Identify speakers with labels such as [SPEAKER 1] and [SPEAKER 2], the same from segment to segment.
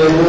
[SPEAKER 1] Aleluia.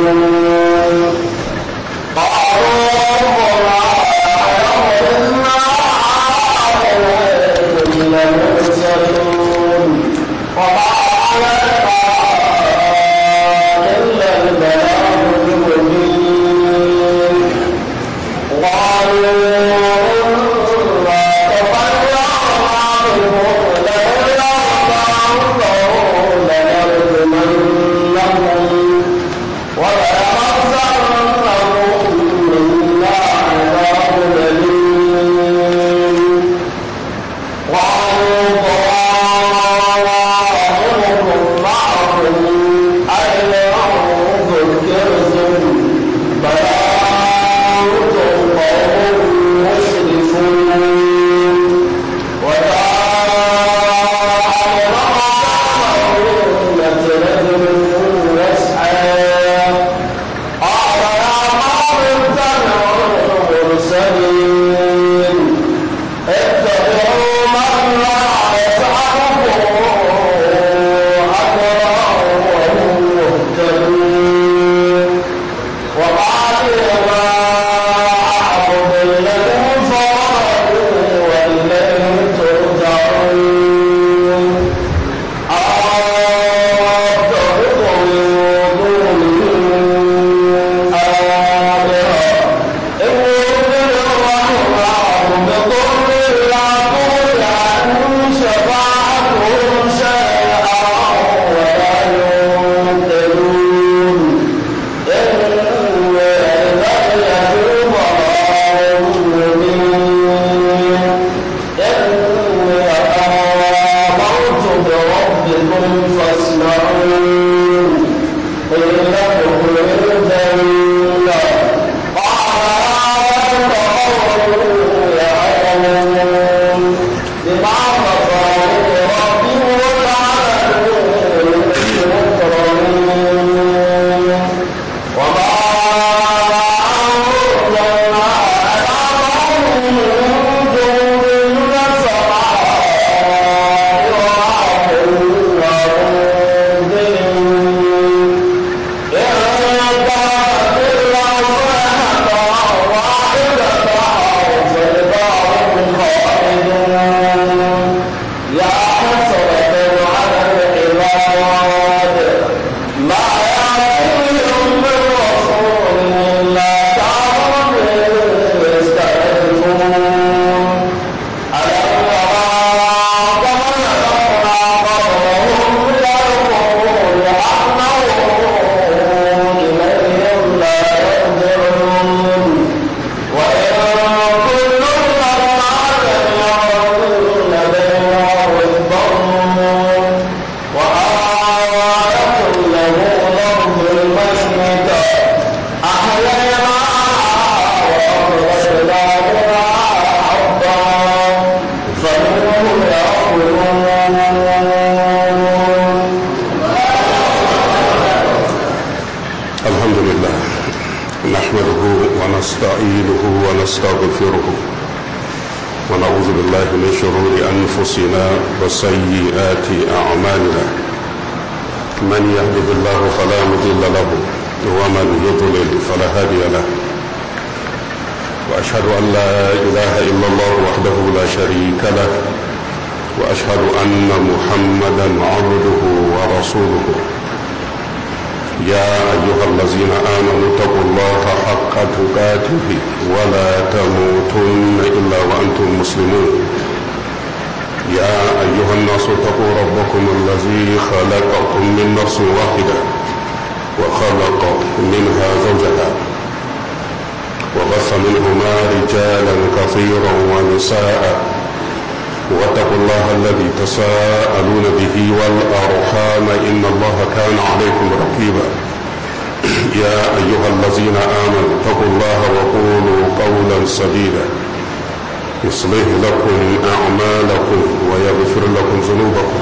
[SPEAKER 1] يصلح لكم أعمالكم ويغفر لكم ذنوبكم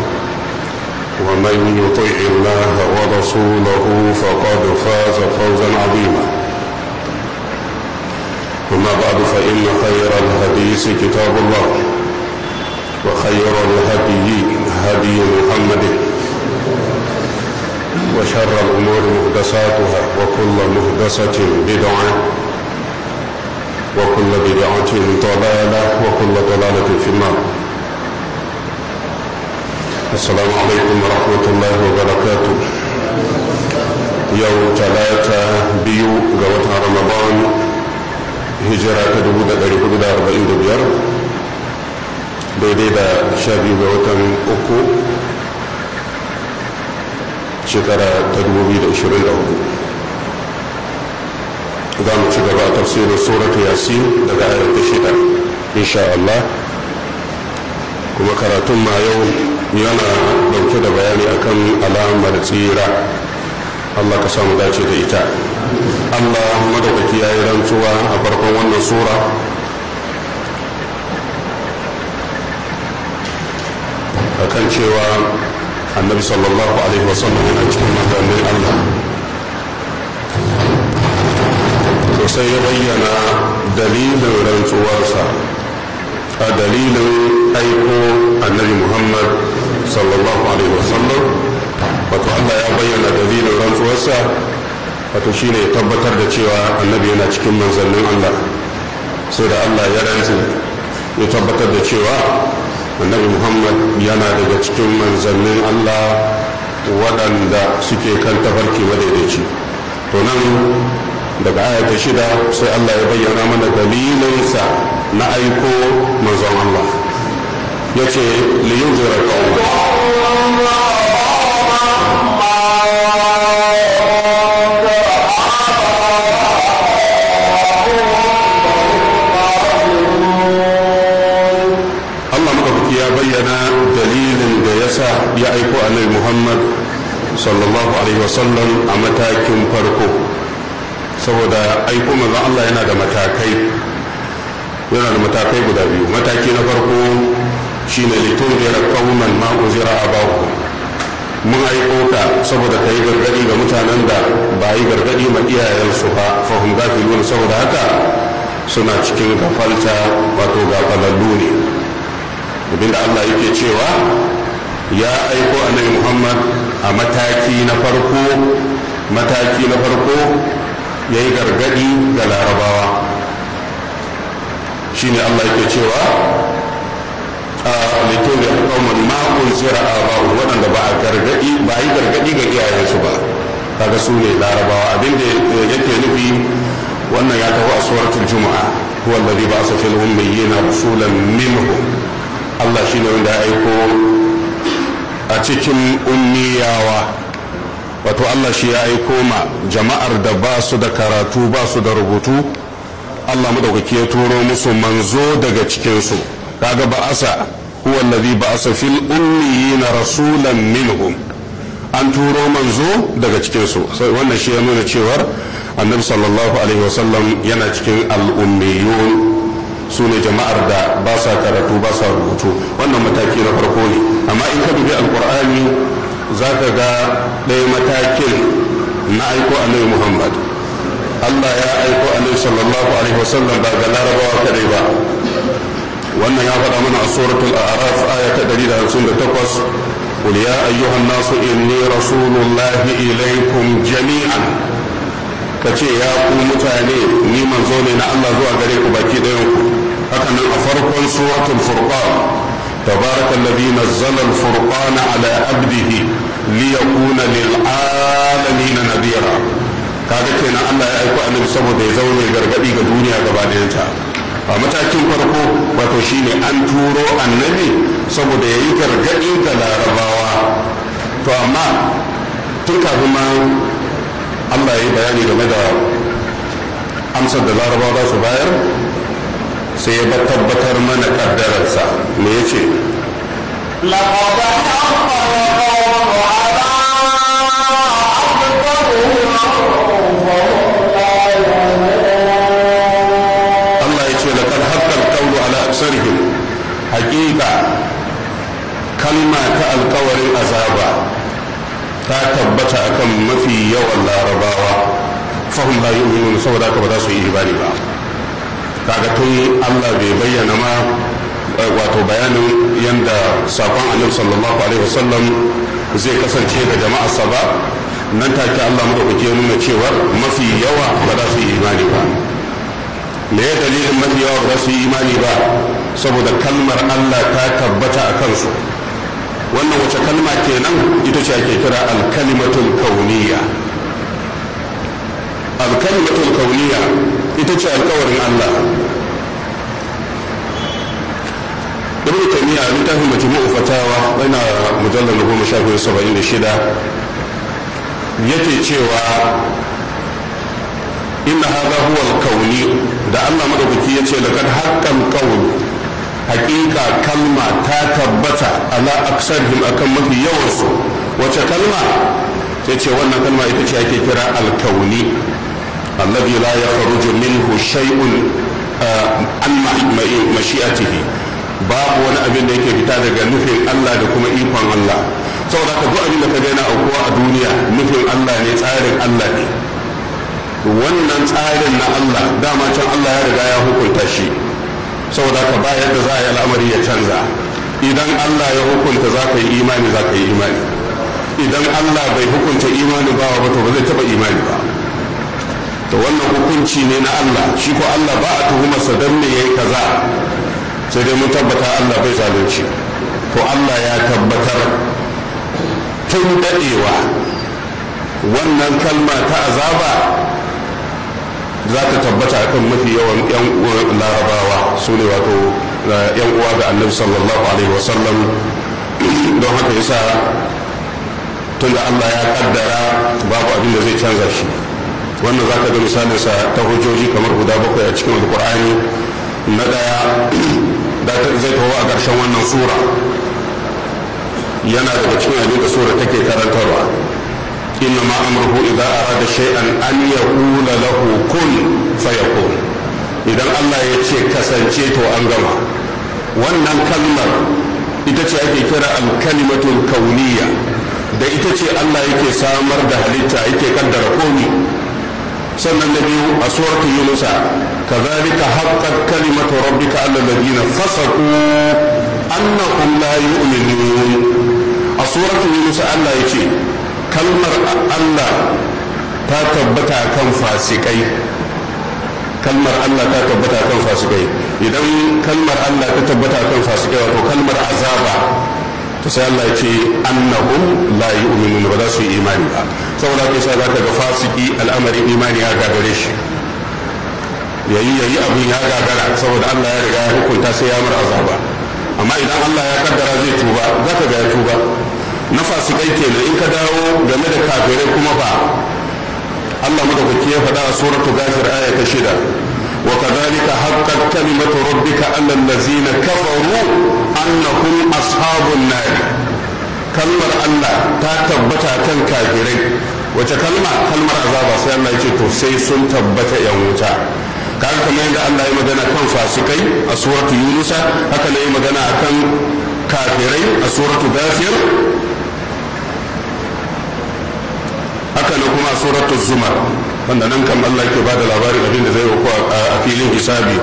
[SPEAKER 1] ومن يطيع الله ورسوله فقد فاز فوزا عظيما أما بعد فإن خير الحديث كتاب الله وخير الهدي هدي محمد وشر الأمور مهدساتها وكل مهدسة بدعة وكل بدعة ضلالة وكل ضلالة في النار السلام عليكم ورحمة الله وبركاته يوم ثلاثة بيو قوتها رمضان هجرة داري قدودة أربعين دبيار بيديدة شابي sha أكو شكرا watan uku shekara za mu ci gaba tafsirin surat yasin daga ayar ta shida insha Allah kuma karatun ma yau yana dauke da bayani akan alamar tsira Allah ka samu dace da ita Allah Madaki ya yi rantsuwa a farkon wannan sura akan cewa annabi sallallahu alaihi wasallam yana cikin mutane Allah sai ya bayyana dalilin rantsuwarsa a dalilin aiko annabi muhammad sallallahu alaihi wasallam wato allah ya bayyana dalilin rantsuwarsa wato shine ya tabbatar da cewa annabi yana cikin manzannin allah sai da allah ya rantsu ya tabbatar da cewa annabi muhammad yana daga cikin manzannin allah waɗanda suke kan tafarki madaidaici to nan daga ayata shida sai Allah ya bayyana mana dalilinsa na aiko manzon Allah ya ce liyun zira Allah muka ya bayyana dalilin da ya sa ya aiko Annabi Muhammad sallallahu alaihi wasallam a matakin farko saboda aiko manzon Allah yana da matakai yana da matakai guda biyu mataki na farko shi ne shine litundira qauman ma a baku mun aiko ka saboda yi gargadi ga mutanen da ba yi gargadi ma iyayensu ba fa hum saboda haka suna cikin gafalta wato gafalallu ne abinda Allah yake cewa ya aiko annabi Muhammad a mataki na farko mataki na farko ya yi gargadi ga larabawa shine allah yake cewa a litori alƙawman ma'un zira a ba waɗanda ba a gargadi ba yi gargadi ga iyayensu ba kaga su ne larabawa abinda yake nufi wannan ya taho a suratul juma'a huwa alladhi ba'atha fil ummiyina rasulan minhum allah shine wanda ya aiko a cikin ummiyawa wato Allah shi ya aiko ma jama'ar da ba su da karatu ba su da rubutu Allah madaukaki ya turo musu manzo daga cikinsu kaga ba'asa huwa allazi ba'asa fil ummiyina rasulan minhum an turo manzo daga cikinsu wannan shi ya nuna cewar annabi sallallahu alaihi wasallam yana cikin al'ummiyun su ne jama'ar da ba sa karatu ba sa rubutu wannan mataki na farko ne amma in ka dubi alkur'ani za ka ga ɗaya matakin na aiko annabi muhammad allah ya aiko annabi sallallahu alaihi wasallam ba ga larabawa kadai ba wannan ya faɗa mana a suratul a'raf aya ta 158 قل ya أيها nasu إني رسول الله jami'an. Ka kace ya ku mutane ni manzo ne na Allah zuwa gare ku baki ɗayan ku haka nan a farkon suratul furqan تبارك الذي نزل الفرقان على عبده ليكون للعالمين نذيرا kaga kenan Allah ya aiko annabi saboda ya zama mai gargadi ga duniya gaba ta a matakin farko wato shine an turo annabi saboda ya yi gargadi ga larabawa to amma tun kafin ma Allah ya yi bayani game da amsar da larabawa za su bayar sai ya tabbatar mana ƙaddararsa me ya ce Allah ya ce lakar haƙar kaulu ala aksarihim haƙiƙa kalma ta alkawarin azaba ta tabbata akan mafi yawan larabawa fahim la yi saboda ka ba za su yi ibani ba kaga tun Allah bai bayyana ma eh, wato bayanin yadda sakon annabi sallallahu alaihi wasallam zai kasance da jama'a saba nan take Allah madaukake ya nuna cewa mafi yawa ba za su yi imani ba me ya dalilin mafi yawa ba za su yi imani ba saboda kalmar Allah ta tabbata a kansu wannan wace kalma kenan ita ce ake kira alkalimatul kauniya alkalimatul kauniya ita ce alkawarin Allah ibn taymiya a littafin majmu'u fatawa yana mujallar na goma sha biyu saba'in da shida yake cewa inna hadha huwa kauni da Allah madaukaki yace laqad haqqan qawl haqiqa kalma ta tabbata ala aksarihim akan mafi yawansu wace kalma sai ce wannan kalma ita ce ake kira alkauni. الذي لا يخرج منه شيء عن مشيئته babu wani abin da yake fita daga nufin Allah da kuma ikon Allah saboda ka duk da ka a aukuwa a duniya nufin Allah ne tsarin Allah ne wannan tsarin na Allah dama can Allah ya riga ya hukunta shi saboda ka ba yadda za a yi al'amari ya canza idan Allah ya hukunta za ka yi imani za ka yi imani idan Allah bai hukunta imani ba wato ba zai taba imani ba to wannan hukunci ne na Allah shi ko Allah ba a tuhumarsa don me yayi kaza sai dai mun tabbata Allah bai zalunci to Allah ya tabbatar tun dadewa wannan kalma ta azaba za ta tabbata akan mafi yawan yan larabawa su ne wato yan eh, uwa ga annabi sallallahu alaihi wasallam don haka yasa tunda Allah ya kaddara babu abin da zai canza shi wannan za ka ga misalinsa ta hujjoji kamar guda bakwai a cikin alkur'ani na daya zai taho a ƙarshen wannan sura yana daga cikin abin da sura take karantarwa inna ma amruhu idza arada shay'an an yaqula lahu kun fayakun idan Allah ya ce kasance to an gama wannan kalmar ita ce ake kira al-kalimatul da ita ce Allah yake samar da halitta yake kaddara komi sannan na biyu a suratu yunusa ka kazalika haqqat kalimatu rabbika alal ladina fasaqu annahum la yu'minun a suratu yunusa Allah yace kalmar Allah ta tabbata kan fasikai kalmar Allah ta tabbata kan fasikai idan kalmar Allah ta tabbata kan fasikai wato kalmar azaba to sai Allah ya ce annahum la yu'minun ba za su yi imani ba saboda ka sa zaka ga fasiki al'amarin imani ya gagare shi yayi yayi abin ya gagara saboda Allah ya riga ya hukunta sai ya mar azaba amma idan Allah ya kaddara zai tuba zaka ga ya tuba na fasikai kenan in ka dawo game da kafirai kuma ba Allah madaukaki ya faɗa a suratul ghafir aya ta shida wa kadhalika haqqat kalimatu rabbika alal ladzina kafaru annahum ashabun kalmar Allah ta tabbata kan kafirai wace kalma kalmar azaba sai Allah ya ce to sai sun tabbata yan wuta kaga kamar yadda Allah ya magana kan fasikai a suratu yunusa haka ne ya magana akan kafirai a suratu ghafir haka ne kuma a suratu zumar wanda nan kan Allah yake bada labarin abin da zai yi a filin hisabi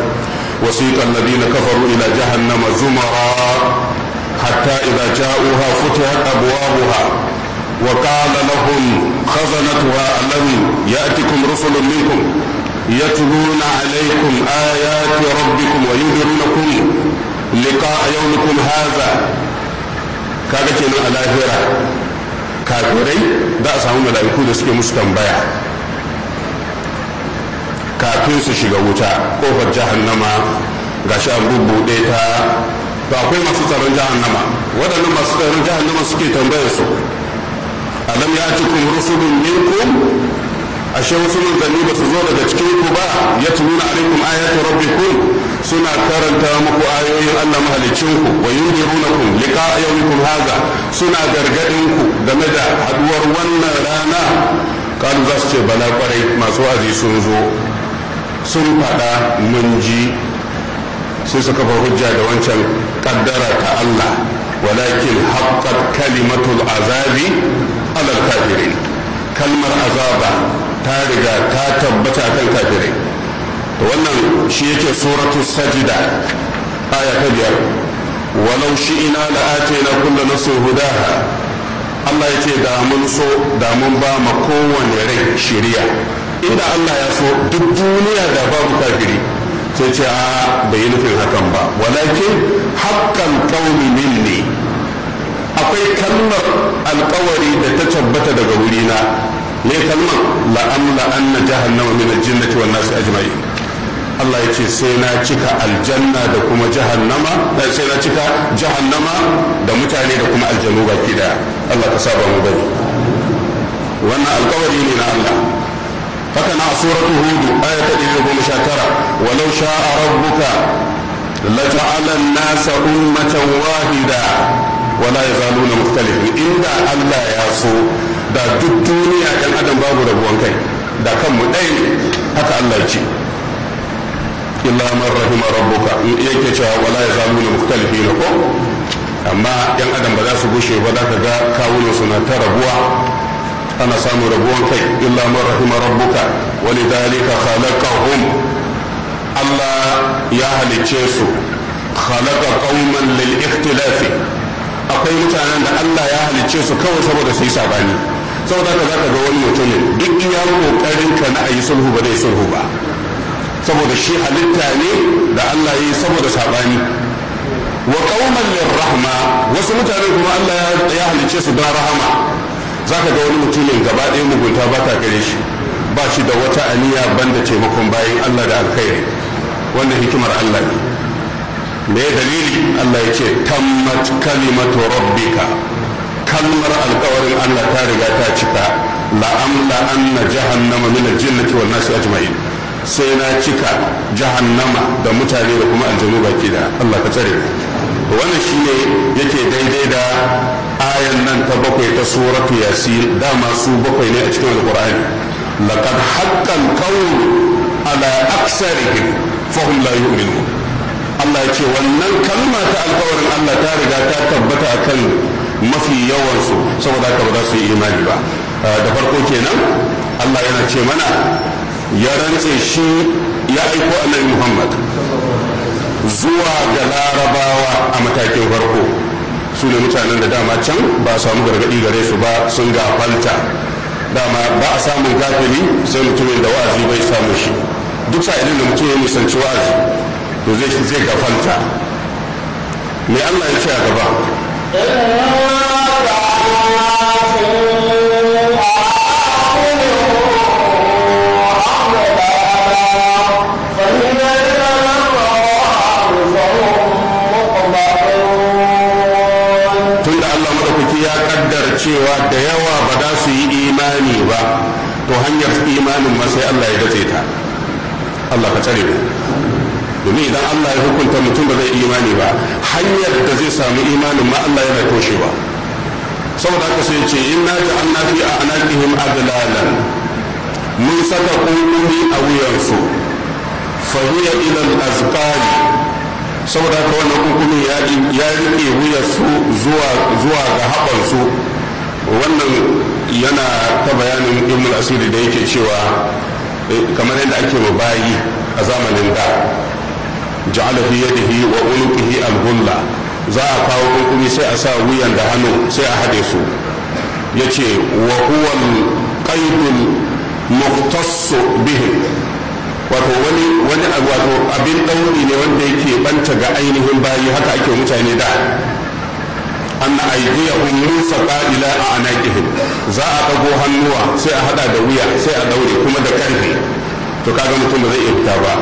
[SPEAKER 1] wasiqal ladina kafaru ila jahannama zumara حتى إذا جاءوها فتحت أبوابها وقال لهم خزنتها ألم يأتكم رسل منكم يتلون عليكم آيات ربكم وينذرونكم لقاء يومكم هذا kaga kenan a lahira kafirai za a samu mala'iku da suke musu tambaya kafin su shiga wuta kofar ga shi an bubbuɗe ta to akwai masu tsaron jahannama waɗannan masu tsaron jahannama suke tambayar su alam ya ci kun rusulun minkum ashe wasu manzanni ba su zo daga cikin ku ba ya tununa alaikum ayatu rabbikum suna karanta muku ayoyin Allah mahalicinku wa yunzirunakum liqa yawmikum haza suna gargadin ku game da haduwar wannan rana kalu za su ce bala kwarai masu wazi sun zo sun faɗa mun ji sai su fa hujja da wancan kaddara ta Allah walakin haqqat kalimatul azabi alal kafirin kalmar azaba ta riga ta tabbata kan kafirai wannan shi yake suratu sajida aya ta biyar walau shi'ina na kullu nafsin hudaha Allah ya ce da mun so da mun ba ma kowane rai shiriya inda Allah ya so duk duniya da babu kafiri sai ce a bai yi nufin hakan ba walakin hakan ƙauni minni akwai kalmar alƙawari da ta tabbata daga wurina ne kalmar la'an la'an na jahannama min aljannati wan nasu ajma'i Allah ya ce sai na cika aljanna da kuma jahannama da eh, sai na cika jahannama da mutane da kuma aljanu baki daya Allah ka saba mu bari wannan alƙawari ne na Allah haka na suratu hudu aya ta ɗari goma sha tara walau sha'a rabbuka لجعل الناس أمة واحدة ولا يزالون مختلفين إلا ألا يعصوا da duk duniya ɗan adam babu rabuwan kai da mu ɗaya ne haka Allah ce illa man rahima rabbuka yake cewa wala ya zalu ne mukhtalifi ko amma ɗan adam ba za su gushe ba za ka ga kawunan suna na ta rabuwa ana samun rabuwan kai illa man rahima rabbuka walidhalika khalaqahum Allah ya halicce su khalaqa qauman lil ikhtilafi akwai mutanen da Allah ya halicce su kawai saboda su yi sabani saboda ka ga wani mutumin duk iya kokarin ka na ayi sulhu ba zai sulhu ba saboda shi halitta ne da Allah ya yi saboda sabani wa wasu mutane kuma Allah ya halicce su don rahama za ka ga wani mutumin gaba ɗaya mugunta ba ta gare shi ba shi da wata aniya banda taimakon bayan allah da alkhairi wannan hikimar allah ne me dalili allah ya ce tammat kalimatu rabbika kalmar alkawarin allah ta riga ta cika la'amla anna jahannama min aljannati wan nasi ajma'in sai na cika jahannama da mutane da kuma aljanu baki da allah ka tsare wannan shine yake daidai da ayan nan ta bakwai ta suratu yasin dama su bakwai ne a cikin alkur'ani laqad haqqan qawlu ala aksarihim fahum la yu'minun Allah ya ce wannan kalma ta alkawarin Allah ta riga ta tabbata akan mafi yawansu saboda haka ba za su yi imani ba ah, da farko kenan Allah yana ce mana ya rantse shi ya aiko annabi Muhammad zuwa ga larabawa a matakin farko su ne mutanen da dama can ba samu gargaɗi gare su ba sun ga gafalta dama ba a samun gafili sai mutumin da wa'azi bai samu shi duk sa idan da mutum ya musanci wa'azi to zai gafalta me Allah ya ce a gaba sai Allah ya datse ta Allah ka tsare mu domin idan Allah ya hukunta mutum ba zai imani ba hanyar da zai samu imanin ma Allah yana toshewa saboda haka sai ce inna ja'alna fi a'naqihim aglalan mun saka kunkumi a wuyansu fa huwa ila al-azqani saboda haka wannan kunkumin ya rike wuyarsu zuwa zuwa ga su wannan yana ta bayanin ilmul asiri da yake cewa eh, kamar yadda ake wa bayi a zamanin da ja'ala fi yadihi wa unuqihi al-ghulla za a kawo kunkumi sai a sa wuyan da hannu sai a hade su yace wa huwa al-qaidul muqtass bihi wato wani wani wato abin dauri ne wanda yake banta ga ainihin bayi haka ake mutane da anna aydiyahum mursaqa ila anaqihim za a ɗago hannuwa sai a hada da wuya sai a daure kuma da karfe to kaga mutum ba zai iya fita ba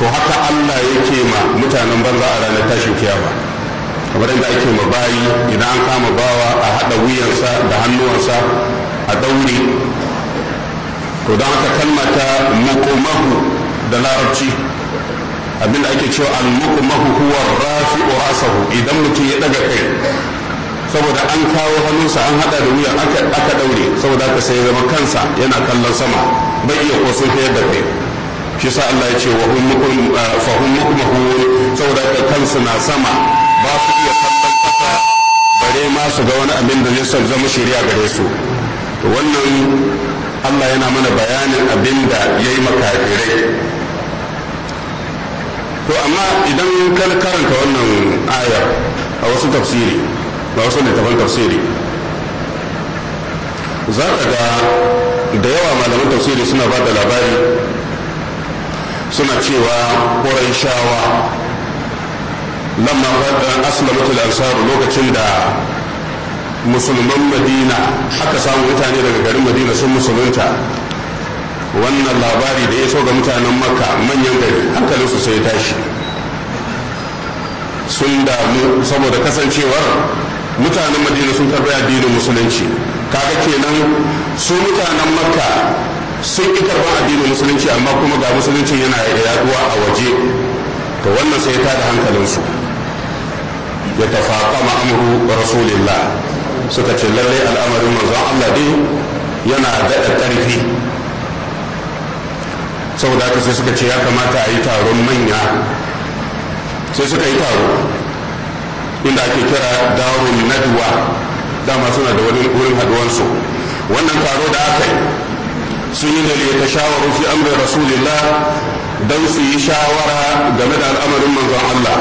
[SPEAKER 1] to haka Allah yake ma mutanen banza a ranar tashin kiyama kamar yadda ake ma bayi idan an kama bawa a hada wuyansa da hannuwansa a daure to don haka kalma ta mukumahu da larabci abinda ake cewa al-mukumahu huwa rafi'u rasahu idan mutum ya daga kai saboda an kawo hannunsa an hada da wuyan aka daure saboda haka sai zama kansa yana kallon sama bai iya ko sun yadda kai shi sa Allah ya ce wa ummukum ah, fa ummukum saboda haka kansu na sama ba su iya kallon kasa bare ma su ga wani abin da zai zama shari'a gare su to wannan Allah yana mana bayanin abin da yayi makafirai to amma idan kan karanta wannan ayar a wasu tafsiri ga wasu littafan tafsiri za ka ga da yawa malaman tafsiri suna ba da labari suna cewa ƙurai shawa lamma aslamatul ansaru lokacin da musulman madina aka samu mutane daga garin madina sun musulunta wannan labari da ya so ga mutanen makka manyan gari hankalinsu sai tashi sun damu saboda kasancewar mutanen madina sun karɓi addinin musulunci kaga kenan su mutanen makka sun ƙi karɓar addinin musulunci amma kuma ga musulunci yana yaduwa a waje to wannan sai ta da hankalinsu ya tafaqama amru rasulillah suka ce lalle al'amarin manzon Allah dai yana daɗa ƙarfi saboda haka sai suka ce ya kamata a yi taron manya sai suka yi taro inda ake kira darun nadwa dama suna da wani wurin haduwansu wannan taro da aka yi sun yi da ta shawaru fi amrin rasulillah don su yi shawara game da al'amarin manzon Allah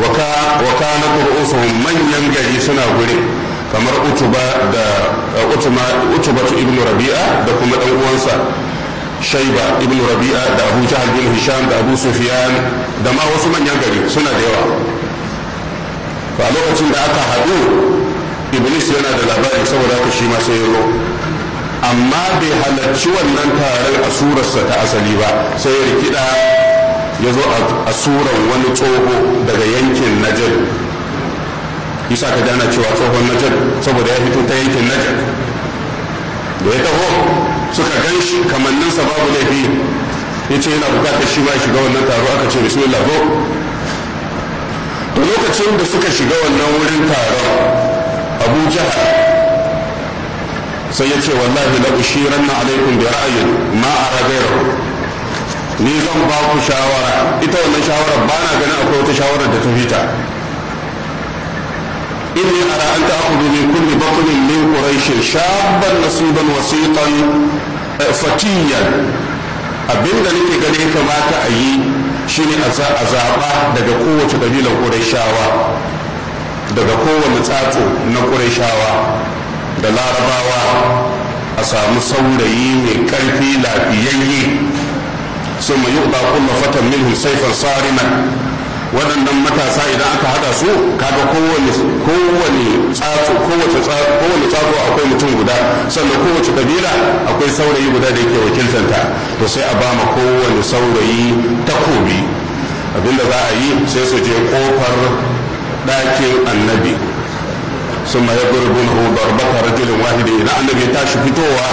[SPEAKER 1] wa kana qur'usuhum manyan gari suna guri kamar utuba da utuba ibn rabi'a da kuma dan uwansa shaiba ibn rabi'a da abu jahal bin hisham da abu sufyan da ma wasu manyan gari suna da yawa to a lokacin da aka haɗu iblis yana da labari saboda haka shi ma sai ya zo amma bai halarci wannan taron a surarsa ta asali ba sai ya rikida ya zo a surar wani tsoho daga yankin najar isa ka gana cewa tsohon najar saboda ya fito ta yankin najar da ya taho suka gan shi kamanninsa babu laifi ya ce yana bukatar shi ma shiga wannan taro aka ce bismillah zo lokacin da suka shiga wannan wurin taron abu jaha sai ya ce wallahi la ushiran na alaikum da ra'ayin ma ragayar ni zan ba ku shawara ita wannan shawara ba na ganin akwai wata shawara da ta fita inni ara an ta'khudhu min kulli min quraish shabban nasiban wasiqan eh, fatiyan abinda nake gani kamata a yi shine a zaɓa daga kowace ƙabilar ƙurashawa daga kowane tsatso na ƙurashawa da larabawa a samu saurayi mai ƙarfi lafiyayye su mai yi fatan milhun saifan sarinan waɗannan matasa idan aka haɗa su kaga kowane kowane tsatso kowace tsatso kowane tsatso akwai mutum guda sannan kowace kabila akwai saurayi guda da yake wakiltanta to sai a bama kowane saurayi takobi abinda za a yi sai su je kofar ɗakin annabi sun ma ya hudar baka rajulin wahidi idan annabi ya tashi fitowa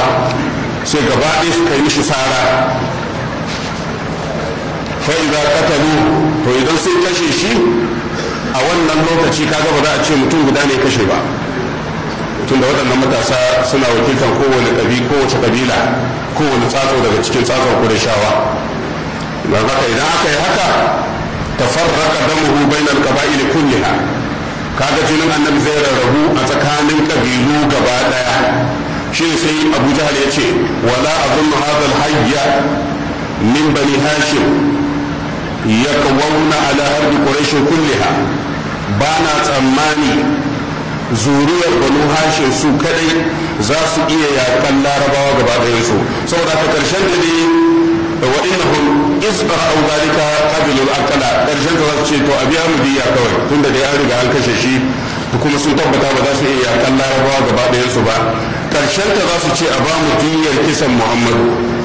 [SPEAKER 1] sai gaba ɗaya su kai mishi sara fa'iza katalu to idan sun kashe shi a wannan lokaci kaga ba za a ce mutum guda ne kashe ba tun da waɗannan matasa suna wakiltar kowane ɗabi kowace ƙabila kowane tsatso daga cikin tsatson kudashawa ba haka idan aka yi haka ta tafarraka damuhu bainal qaba'il kulliha kaga jinin annabi zai rarrabu a tsakanin ƙabilu gaba ɗaya, shi sai abu jahal ya ce wala abin hadha al-hayya min bani hashim yakawuna ala harbi quraish kulliha ba na tsammani zuriyar banu hashim su kadai za su iya yakan larabawa gaba ɗayan su saboda ta karshen da ne wa innahum izbar au zalika qabilu al-aqla karshen da za su ce to mu hamdiya kawai tunda da ya riga an kashe shi kuma su tabbata ba za su iya yakan larabawa gaba ɗayan su ba karshen ta za su ce a ba mu diyar kisan muhammadu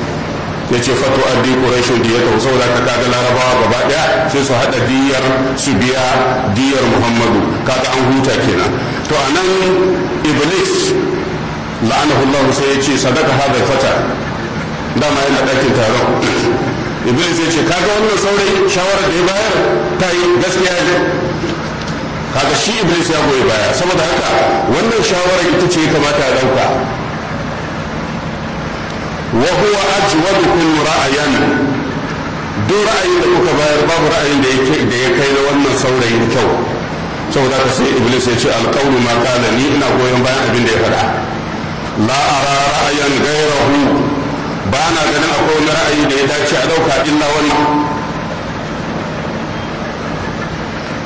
[SPEAKER 1] ya ce fatu addi quraishun diyata saboda ka kaga larabawa gaba daya sai su hada diyar su biya diyar muhammadu kaga an huta kenan to a nan iblis la'ana allah sai ya ce sadaka haɗa fata dama yana ɗakin taron iblis ya ce kaga wannan saurayi shawarar da ya bayar ta yi gaskiya ne kaga shi iblis ya goyi baya saboda haka wannan shawarar ita ce kamata a dauka wa huwa ajwadukum ra'ayan duk ra'ayin da kuka bayar babu ra'ayin da da ya kai na wannan saurayin kyau saboda ka sai iblis ya ce alqawlu ma qala ni ina goyon bayan abin da ya faɗa la ara ra'ayan ba na ganin akwai wani ra'ayi da ya dace a dauka illa wannan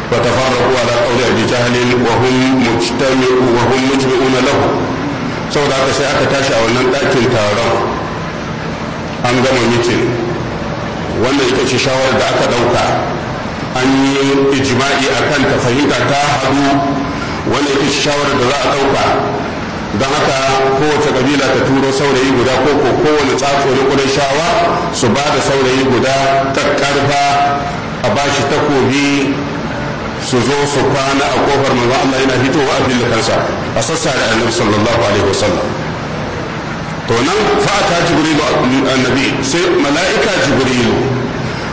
[SPEAKER 1] وتفرقوا على قول ابي جهل وهم مجتمع وهم مجمعون له saboda haka sai aka tashi a wannan ɗakin taron an gama mitin wanda ita ce shawar da aka ɗauka an yi ijma'i a kan ta fahimta ta haɗu wanda ita ce shawar da za a ɗauka don haka kowace kabila ta turo saurayi guda ko ko kowane tsatso na kudin shawa su ba da saurayi guda kakkarfa a bashi takobi su zo su kwana a kofar manzo Allah yana fitowa a filin kansa a sassa da annabi sallallahu alaihi wasallam to nan fa'ata jibrilu annabi sai mala'ika jibrilu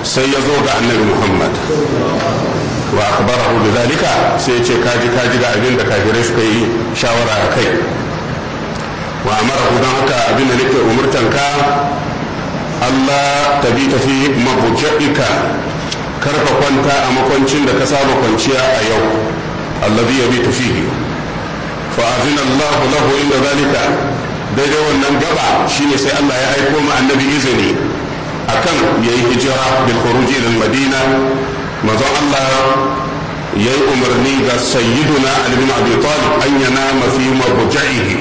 [SPEAKER 1] sai ya zo ga annabi muhammad wa akbarahu da zalika sai ce kaji kaji ga abin da kafirai suka yi shawara a kai wa ku don haka abin da nake umurtanka Allah ta bi tafi mabujaika kar kwanta a makwancin da ka saba kwanciya a yau allazi ya bi tafi fa azina Allah lahu inda zalika daidai wannan gaba shine sai Allah ya aiko ma annabi izini akan yayi hijira bil khuruj ila madina manzon Allah yayi umarni ga sayyiduna Ali bin Abi Talib an yanama fi mabja'ihi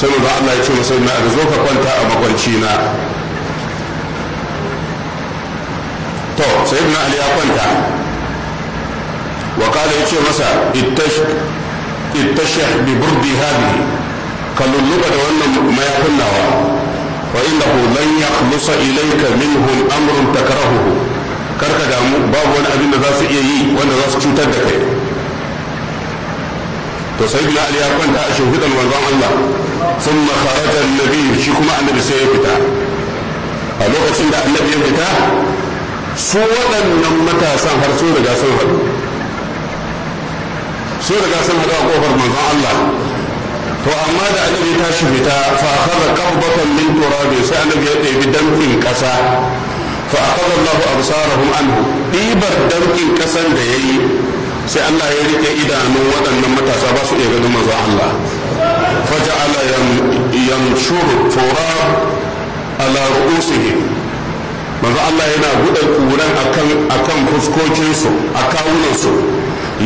[SPEAKER 1] sai manzon Allah ya ce masa na zo ka kwanta a makwanci na to sayyiduna Ali ya kwanta wa kala ce masa ittash ittashah bi burdi hadhihi ka lulluɓa da wannan mayafin nawa wa innahu lan yakhlusa ilayka minhu amrun takrahuhu kar ka damu babu wani abin da za su iya yi wanda za su cutar da kai to sai bin ali ya kwanta a shuhudan manzon Allah thumma kharaja an-nabi shi kuma annabi sai ya fita a lokacin da annabi ya fita su waɗannan matasan har sun riga sun haɗu sun riga sun haɗu a kofar manzon Allah to amma da annabi ta shi fita fa akhadha qabatan min turabi sai annabi ya ɗebi damkin ƙasa fa akhadha Allahu absarahum anhu ɗibar damkin ƙasan da yayi sai Allah ya rike idanun waɗannan matasa ba su iya ganin manzon Allah fa ja'ala yamshuru turab ala ru'usihim manzo Allah yana buɗe kuran akan akan fuskokinsu a kawunansu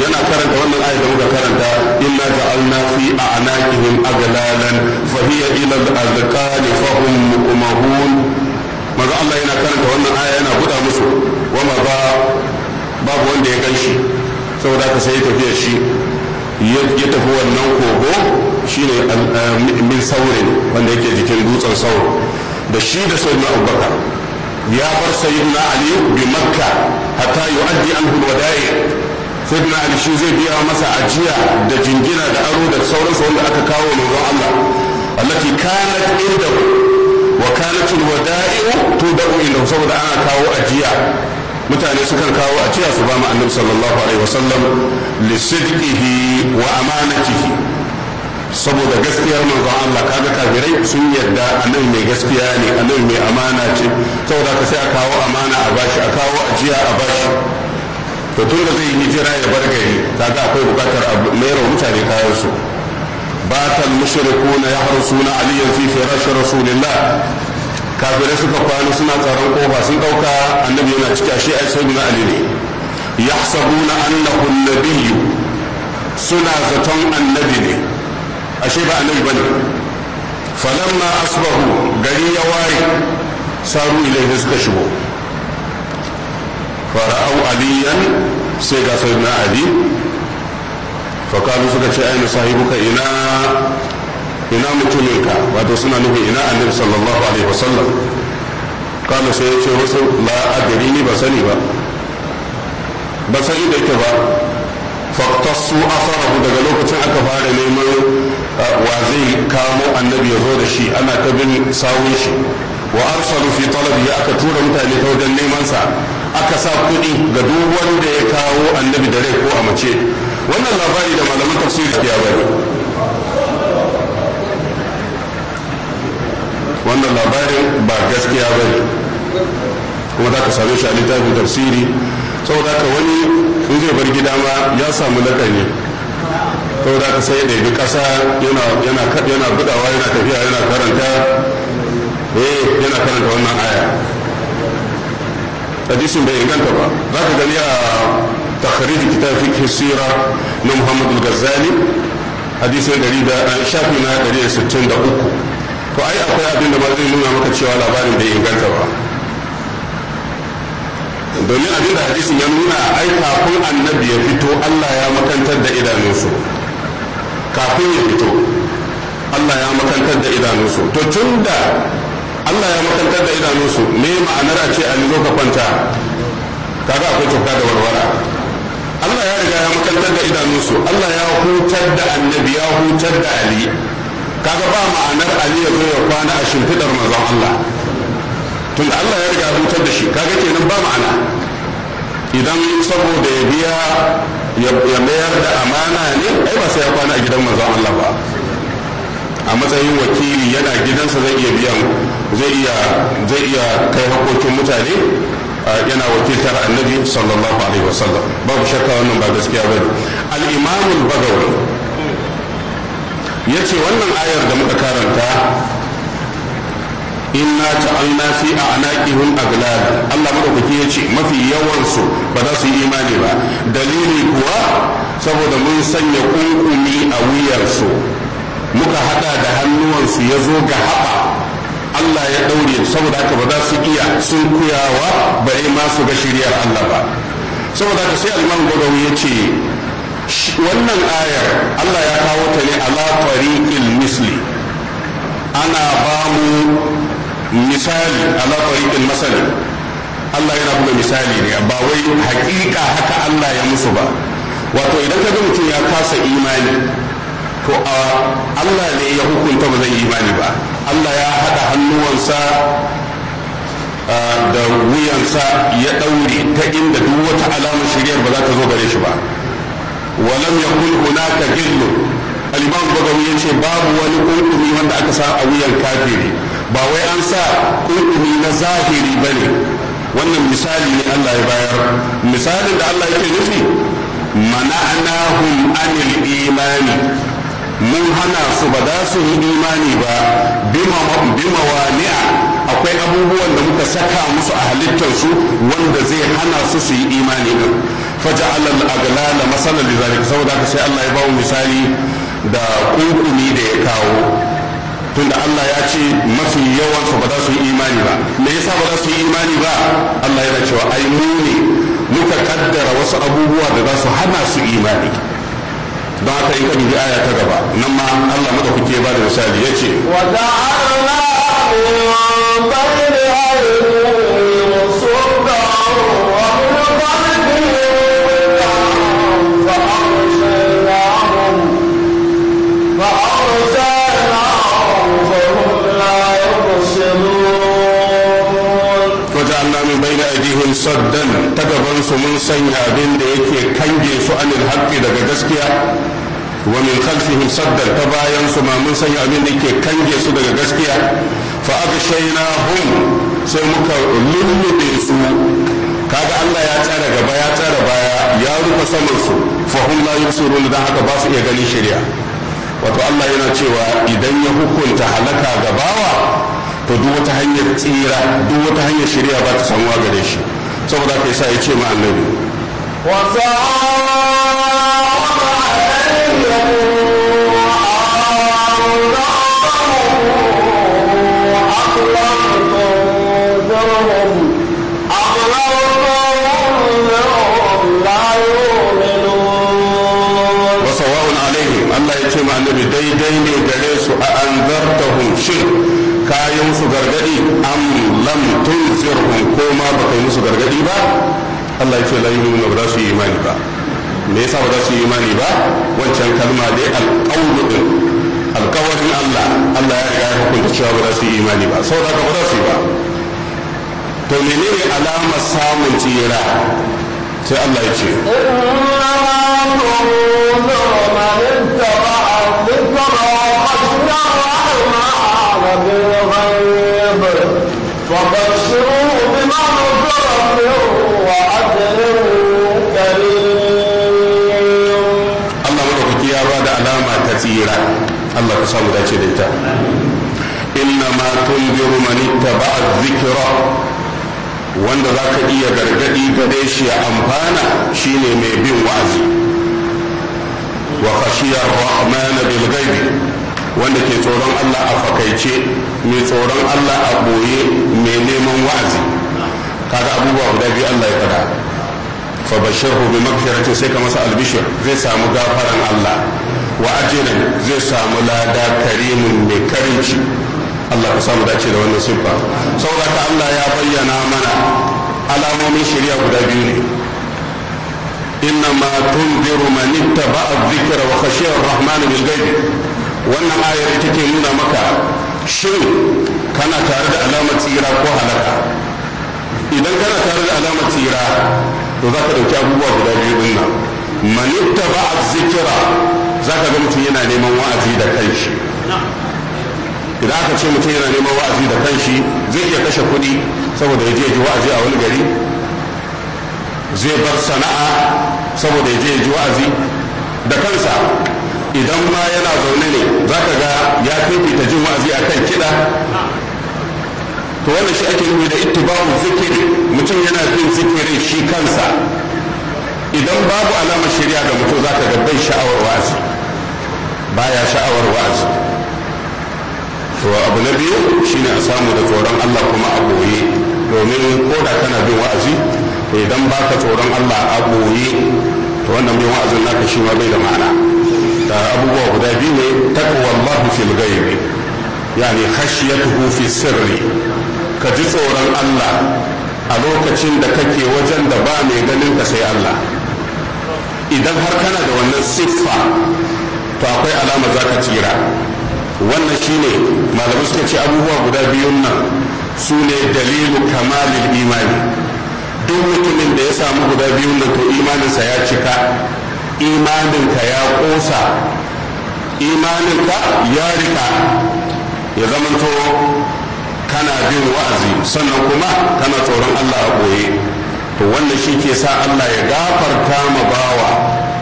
[SPEAKER 1] yana karanta wannan ayat da muka karanta inna ja'alna fi a'naqihim aglalan fa hiya ila al-azqani fa hum muqmahun maza Allah yana karanta wannan aya yana guda musu wa ba babu wanda ya ganshi saboda ka sai tafiya shi ya tafi wannan kogo shine eh, min saurin wanda yake jikin dutsen sauro da shi da sayyidina abubakar ya bar sayyidina ali bi makka hatta yu'addi anhu wada'i sai bin alishi zai biya masa ajiya da jingina da aro da sauransu wanda aka kawo lura Allah allati kanat inda wa kanat alwada'i tudau ila saboda ana kawo ajiya mutane sukan kawo ajiya su ba mu annabi sallallahu alaihi wasallam li sidqihi wa amanatihi saboda gaskiyar manzo Allah kaga kafirai sun yarda annabi mai gaskiya ne annabi mai amana ce saboda ka sai a kawo amana a bashi a kawo ajiya a bashi to tun da zai yi hijira ya bar gari kaga akwai bukatar abu mera mutane kayan su batal mushrikuna yahrusuna aliyan fi firash rasulillah kafirai suka kwana suna tsaron kofa sun dauka annabi yana ciki a ashe ai sai na ali ne yahsabuna annahu nabiyyu suna zaton annabi ne ashe ba annabi bane falamma asbahu gari ya waye saru ilaihi suka shigo fara'au aliyan sai ga sayyidina ali fakalu suka ce aina sahibuka ina ina mutuminka wato suna nufin ina annabi sallallahu alaihi wasallam kala sai ya ce wasu la ni ba sani ba ba san inda yake ba faktasu asarahu daga lokacin aka fara neman ah, wa zai kamo annabi ya zo da shi ana ta bin sawun shi wa arsalu fi talabi aka tura mutane ta wajen neman sa aka sa kuɗi ga duk wanda ya kawo annabi da rai ko a mace wannan labari da malaman tafsiri ya bari wannan labarin ba gaskiya ba ne kuma za ka same shi a littafin tafsiri saboda ka wani in zai bar gida ma ya samu lakani saboda ka sai ɗaiɗi ƙasa yana budawa yana tafiya yana karanta eh yana karanta wannan aya hadisin bai inganta ba za ka gani a takharij kitab fiqh sira na Muhammad al-Ghazali hadisin dari da shafi na 163 to ai akwai abin da ba zai nuna maka cewa labarin bai inganta ba domin abin da hadisin ya nuna ai kafin annabi ya fito Allah ya makantar da idanunsu kafin ya fito Allah ya makantar da idanunsu to tun da Allah ya makantar da idanunsu me ma'anar a ce a zo ka kwanta kaga akwai tufka da warwara Allah ya riga ya makantar da idanunsu Allah ya hutar da annabi ya hutar da Ali kaga ba ma'anar Ali ya zo ya kwana a shimfidar manzon Allah tun Allah ya riga hutar da shi kaga kenan ba ma'ana idan saboda ya biya ya mayar da amana ne ai ba sai ya kwana a gidan manzon Allah ba a matsayin wakili yana gidansa zai iya biyan zai iya zai iya kai hakokin mutane yana wakiltar annabi sallallahu alaihi wasallam babu shakka wannan ba gaskiya ba ne al bagawi ya wannan ayar da muka karanta inna ta'alna fi a'naqihim aglal Allah madaukaki yace mafi yawan su ba za su yi imani ba dalili kuwa saboda mun sanya kunkumi a wuyar su muka hada da hannuwansu ya zo ga haɓa Allah ya ɗaure saboda haka ba za su iya sun kuyawa bare ma ga shiriyar Allah ba saboda haka sai alman ya ce wannan ayar Allah ya kawo ta ne ala tariqil misli ana ba mu misali ala tariqil masali Allah yana buga misali ne ba wai hakika haka Allah ya musu ba wato idan ka ga mutum ya kasa imani to Allah ne ya hukunta ba zan yi imani ba Allah ya haɗa hannuwansa da wuyansa ya ɗaure ta inda duk wata alamar shiryar ba za ta zo gare shi ba walam yakul hunaka gillu al-imam ya ce babu wani kunkumi wanda aka sa a wuyan kafiri ba wai an sa kunkumi na zahiri ne. wannan misali ne Allah ya bayar misalin da Allah yake nufi mana'anahum anil imani mun hana su ba za su yi imani ba bima mawani'a akwai abubuwan da muka saka musu a halittar su wanda zai hana su su yi imani din faja'ala al masala li zalika saboda haka sai Allah ya bawo misali da kunkumi da ya kawo tunda Allah ya ce mafi yawan su ba za su yi imani ba me yasa ba za su yi imani ba Allah yana cewa ai mu ne muka kaddara wasu abubuwa da za su hana su imani ba ka yi ka aya ta gaba nan ma Allah maka kuke ba da misali ya ce wa ta'ala min bayni ayyukum min saddan ta gaban su mun sanya abin da yake kange su anil haqqi daga gaskiya wa min khalfihim saddan ta bayan su ma mun sanya abin da yake kange su daga gaskiya fa aghshaynahum sai muka lullube su kaga Allah ya tsara gaba ya tsara baya ya rufe saman su fa hum la yusiruna dan haka ba su iya ganin shari'a wato Allah yana cewa idan ya hukunta halaka gabawa to duk wata hanyar tsira duk wata hanyar shari'a ba ta samuwa gare shi saboda ka yasa ya ce ma annabi Allah ya ce ma annabi daidai ne gare su a an zartahun shin kayan su gargadi am lam tunzirhum ko ma ba kai musu gargadi ba Allah ya ce la yu'minu ba za su yi imani ba me yasa ba za su yi imani ba wancan kalma dai alqawlu din alqawlin Allah Allah ya riga ya hukunta cewa ba za su yi imani ba da ka ba za su yi ba to menene alama samun tsira sai Allah ya ce Inna بالغيب فبشروا بمغفرة وأجر كريم الله ملوك يا بعد علامة كثيرة الله كسامو دا ita إنما تنذر من اتبع الذكرى wanda za ka iya gargadi gare shi ya amfana shine mai bin wa'azi wa khashiyar rahman bil ghaibi wanda ke tsoron Allah a fakaice mai tsoron Allah a boye mai neman wa'azi kaga abubuwa guda biyu Allah ya faɗa fa bashirhu bi maghfirati sai ka masa albishir zai samu gafaran Allah wa ajiran zai samu lada karimin mai karinci Allah ka samu dace da wannan siffa saboda Allah ya bayyana mana alamomin shari'a guda biyu ne إنما تنذر من اتبع الذكر وخشي الرحمن بالغيب wannan ayar ita ke nuna maka shin kana tare da alamar tsira ko halaka idan kana tare da alamar tsira to za ka ɗauki abubuwa guda biyu din nan manitta ba a zikira za ka ga mutum yana neman wa'azi da kanshi idan aka ce mutum yana neman wa'azi da kanshi zai iya kashe kuɗi saboda ya je ji wa'azi a wani gari zai bar sana'a saboda ya je ji wa'azi da kansa idan ma yana zaune ne za ka ga ya fifita jin wa'azi a kan kiɗa to wanda shi ake nufi da ittiba'u zikiri mutum yana bin zikirin shi kansa idan babu alamar shirya ga mutum za ka ga bai sha'awar wa'azi baya sha'awar wa'azi to abu na biyu shine a samu da tsoron Allah kuma a goye domin ko da kana bin wa'azi idan baka tsoron Allah a goye to wannan bin wa'azin naka shi ma bai da ma'ana abubuwa guda biyu ne allahu fil ghaib yani khashiyatuhu fi sirri ka ji tsoron Allah a lokacin da kake wajen da ba mai ganin ka sai Allah idan har kana da wannan siffa to akwai alama za ka tsira wannan shine malamai suka ce abubuwa guda biyun nan su ne dalilu kamalin imani duk mutumin da ya samu guda biyun nan to imaninsa ya cika imaninka ya imanin imaninka ya rika ya zamanto kana bin wa'azi sannan kuma kana tsoron Allah a ɓoye to wannan shi ke sa Allah ya gafarta ma bawa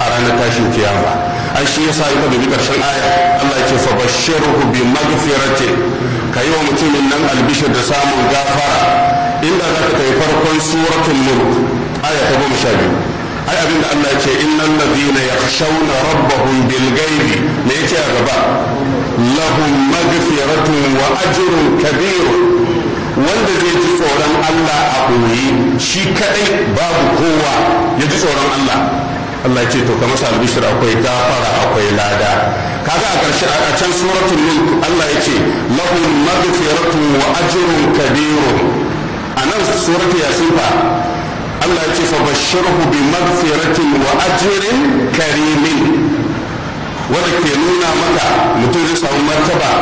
[SPEAKER 1] a ranar tashin kiyama ai shi yasa ita da karshen aya Allah ya ce fa bashiruhu bi ka kayi wa mutumin nan albishir da samun gafara inda za kai farkon suratul mulk aya ta goma sha biyu ai abin da Allah ce innal ladina yakhshawna rabbahum bil ghaib ne yake a gaba lahum maghfiratun wa ajrun kabir wanda zai ji tsoron Allah a koyi shi kadai babu kowa ya ji tsoron Allah Allah ce to kamar albishir akwai gafara akwai lada kaga a karshe a can suratul mulk Allah ya ce lahum maghfiratun wa ajrun kabir anan suratul yasin Allah ce fa bashirhu bi maghfiratin wa ajrin karimin wanda ke nuna maka mutum zai samu martaba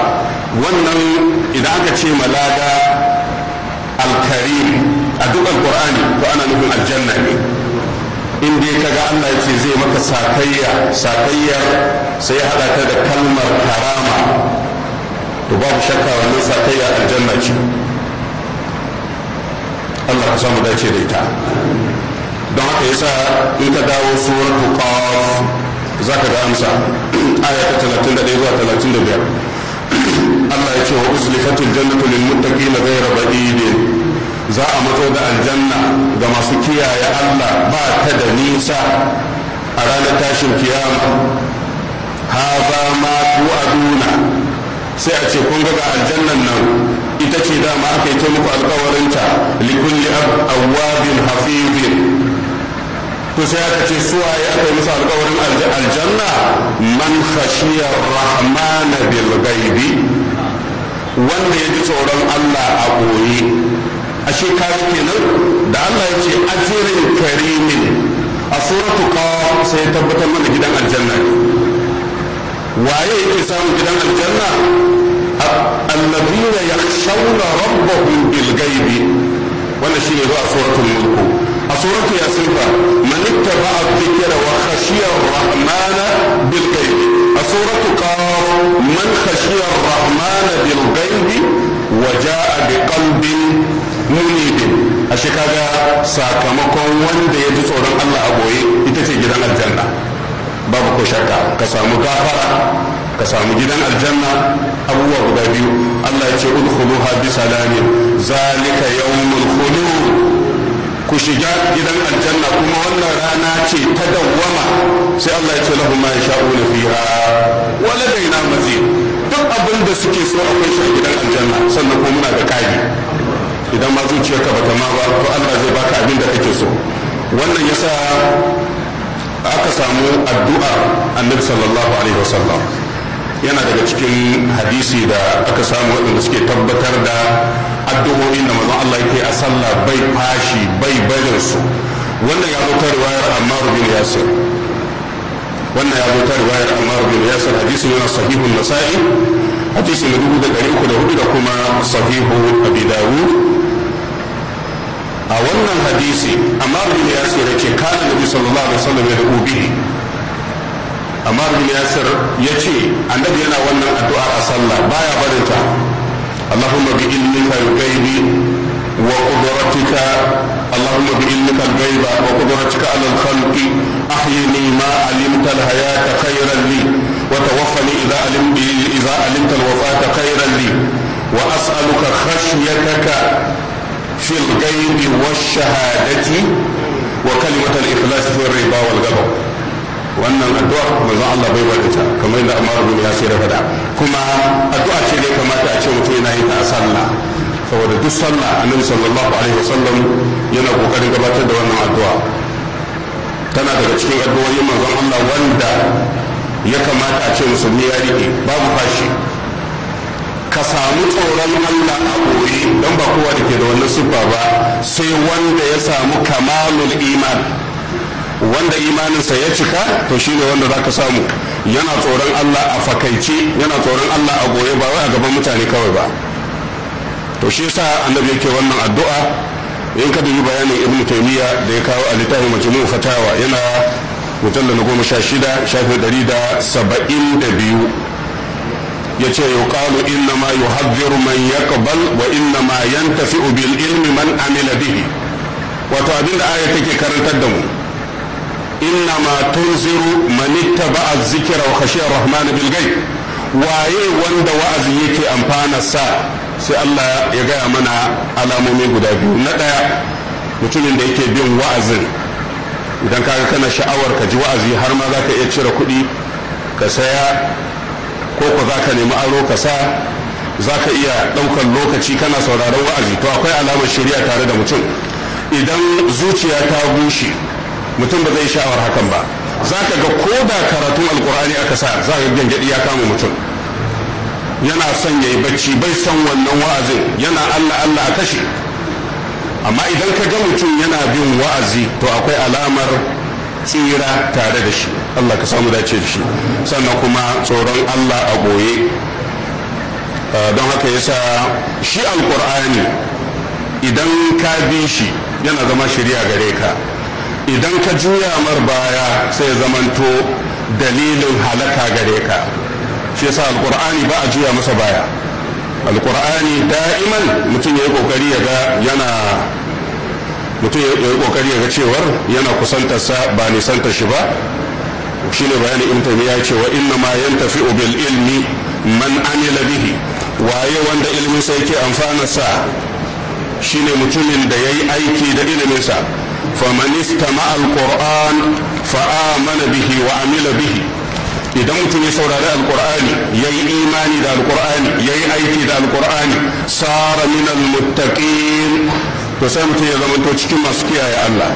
[SPEAKER 1] wannan idan aka ce malada alkarim a duk alkur'ani to ana nufin aljanna ne in dai kaga Allah ya ce zai maka sakayya sakayya sai ya hada ta da kalmar karama to babu shakka wannan sakayya aljanna ce Allah ka samu dace da ita don haka yasa in ka dawo suratu qaf zaka ga amsa aya ta talatin 31 zuwa talatin da biyar. Allah ya ce wa uzlifatul jannatu lil muttaqina ghayra ba'idin za a mato da aljanna ga masu kiyaye Allah ba ta da nisa a ranar tashin kiyama haza ma tu'aduna sai a ce kun ga aljannan nan ita ce dama aka yi ta muku alkawarinta likulli awabin hafifin to sai aka ce suwaye aka yi musu alkawarin aljanna man khashiya rahmana bil ghaibi wanda ya ji tsoron Allah a boye a shekaru kenan da Allah ya ce ajirin karimin a suratu qaf sai tabbatar mana gidan aljanna waye yake samun gidan aljanna alladina yakhshawna rabbahum bil ghaibi wannan shine zuwa suratul mulk a suratul yasin fa man ittaba'a dhikra wa khashiya ar-rahmana bil ghaibi a suratul qaf man khashiya ar-rahmana bil ghaibi wa jaa bi qalbin munib a shi kaga sakamakon wanda ya ji tsoron Allah a boye ita ce gidan aljanna babu ko shakka ka samu gafara ka samu gidan aljanna abubuwa guda biyu Allah ya ce udkhuluha bi salamin zalika yawmul khulu ku shiga gidan aljanna kuma wannan rana ce ta dawwama sai Allah ya ce lahum ma yasha'una fiha wa ladaina mazid duk abin da suke so akwai shi a gidan aljanna sannan kuma muna da kai idan ma zuciyarka bata ma ba to Allah zai baka abin da kake so wannan yasa aka samu addu'a annabi sallallahu alaihi wasallam yana daga cikin hadisi da aka samu waɗanda suke tabbatar da addu'o'in da manzon Allah yake a sallah bai fashi bai barin su wannan ya zo ta riwayar Ammar bin Yasir wannan ya zo ta riwayar Ammar bin Yasir hadisi yana sahihu Nasa'i hadisi na dubu da ɗari uku da da kuma sahihu Abi Dawud a wannan hadisi amma bin yasir yake kana nabi sallallahu alaihi wasallam ya rubu bi amma bin yasir yace annabi yana wannan addu'a a sallah baya barin ta allahumma bi ilmika al-ghaibi wa qudratika allahumma bi ilmika al-ghaiba wa qudratika ala al-khalqi ahyini ma alimta al-hayata khayran li wa tawaffani idha alimta idha alimta al-wafata khayran li wa as'aluka khashyataka في الغيب والشهادة وكلمة الإخلاص في الربا والغضب wannan addu'a manzon Allah bai bada ta kamar yadda Umar bin faɗa kuma addu'a ce da ya kamata a ce mutum yana yin ta a sallah saboda duk sallah annabi sallallahu alaihi yana kokarin gabatar da wannan addu'a tana daga cikin addu'o'in manzon Allah wanda ya kamata a ce musulmi ya rike babu fashi ka samu tsoron Allah a koyi don ba kowa da ke da wannan siffa ba sai wanda ya samu kamalul iman wanda imaninsa ya cika to shi ne wanda za ka samu yana tsoron Allah a fakaice yana tsoron Allah a goye ba wai a gaban mutane kawai ba to shi yasa annabi yake wannan addu'a in ka dubi bayanin ibnu taymiya da ya kawo a littafin majmu' fatawa yana mujallal goma shafi 172 da saba'in da biyu ya ce yuqalu inna ma yuhadhiru man kabal wa inna ma tafi ubil ilmi man amila bihi wato abinda aya take karantar da mu inna ma tunziru man ittaba'a az zikira wa kashiyar rahman bil waye wanda wa'azi yake amfana sa sai Allah ya gaya mana alamomi guda biyu na ɗaya mutumin da yake bin wa'azin idan kaga kana sha'awar ka ji wa'azi har ma zaka iya cire kuɗi ka saya ko ko za ka nemi aro ka sa za ka iya ɗaukar lokaci kana sauraron wa'azi to akwai alamar shari'a tare da mutum idan zuciya ta bushe mutum ba zai sha'awar hakan ba za ka ga ko da karatun alkur'ani aka sa za ka gangaɗi ya kama mutum yana son ya yi bacci bai son wannan wa'azin yana allah allah a kashe amma idan ka ga mutum yana bin wa'azi to akwai alamar tsira tare da shi Allah ka samu dace da shi sannan kuma tsoron Allah a goye ah, don haka yasa shi alkur'ani idan ka bi shi yana zama shirya gare ka idan ka juya mar baya sai zamanto dalilin halaka gare ka shi yasa alkur'ani ba a juya masa baya alkur'ani da'iman mutum ya yi kokari ya ga yana mutum ya yi kokari ga cewar yana kusantarsa ba nisantar shi ba shine bayani ibn taymiya ya ce wa inna ma yantafi bil ilmi man amila bihi waye wanda ilmin sa yake sa shine mutumin da yayi aiki da ilimin sa faman istama'a alquran fa amana bihi wa amila bihi idan mutum ya saurari alkur'ani ya yi imani da alkur'ani ya yi aiki da alkur'ani sara min almuttaqin to sai mutum ya zamanto cikin masu kiyaye Allah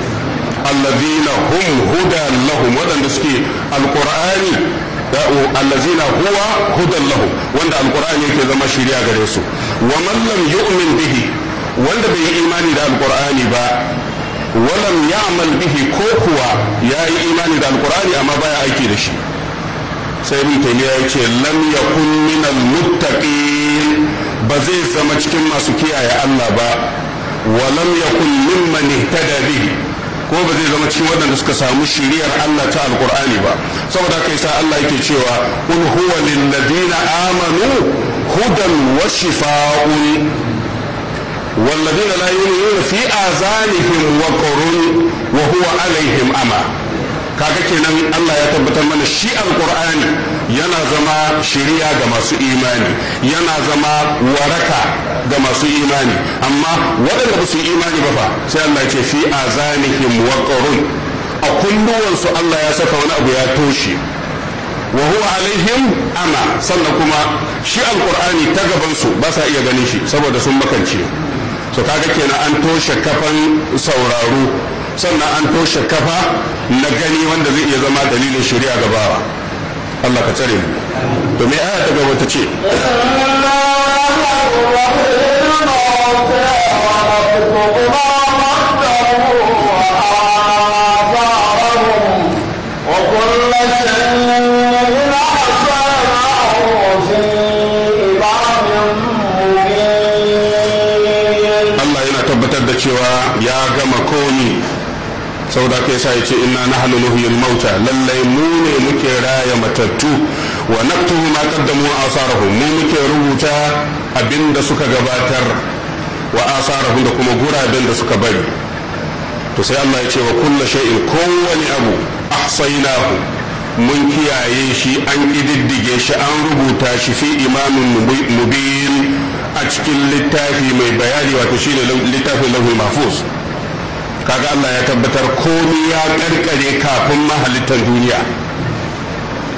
[SPEAKER 1] allazina hum hudan lahum waɗanda suke alqur'ani allazina huwa hudan lahum wanda alqur'ani yake zama shiriya gare su wa man lam yu'min bihi wanda bai yi imani da alqur'ani ba walam ya'mal bihi ko kuwa yayi imani da alqur'ani amma baya aiki da shi sai ibn taymiya yace lam yakun min almuttaqin ba zai zama cikin masu kiyaye Allah ba wa lam yakun mani ta bihi ko ba zai zama cikin waɗanda suka samu shiriyar Allah ta alkur'ani ba saboda haka sa Allah yake cewa qul huwa lil amanu hudan wa shifaa'un wal ladina la yu'minuna fi azanihim wa qurun wa huwa alaihim ama kaga kenan Allah ya tabbatar mana shi alqur'ani yana zama shiriya ga masu imani yana zama waraka ga masu imani amma waɗanda ba su imani ba fa sai Allah ya ce fi azanihim waqrun a kunduwansu Allah ya saka wani abu ya toshe wa huwa alaihim ama sannan kuma shi alqur'ani ta gaban su ba sa iya ganin shi saboda sun makance so kaga kenan an toshe kafan sauraro sannan an toshe kafa na gani wanda zai iya zama dalilin shari'a ga bawa Allah ka tsare mu to me aya ta gaba ta ce Allahu saboda ka yasa yace inna nahnu nuhyil mauta lallai mu ne muke raya matattu wa naktubu ma qaddamu asarahum mu muke rubuta abinda suka gabatar wa asarahum da kuma guraben da suka bari to sai Allah ya ce wa kullu shay'in kowani abu ahsaynahu mun kiyaye shi an ƙididdige shi an rubuta shi fi imamin mubin a cikin littafi mai bayani wato shine littafin lahul mahfuz kaga Allah ya tabbatar komi ya karkare kafin mahalittar duniya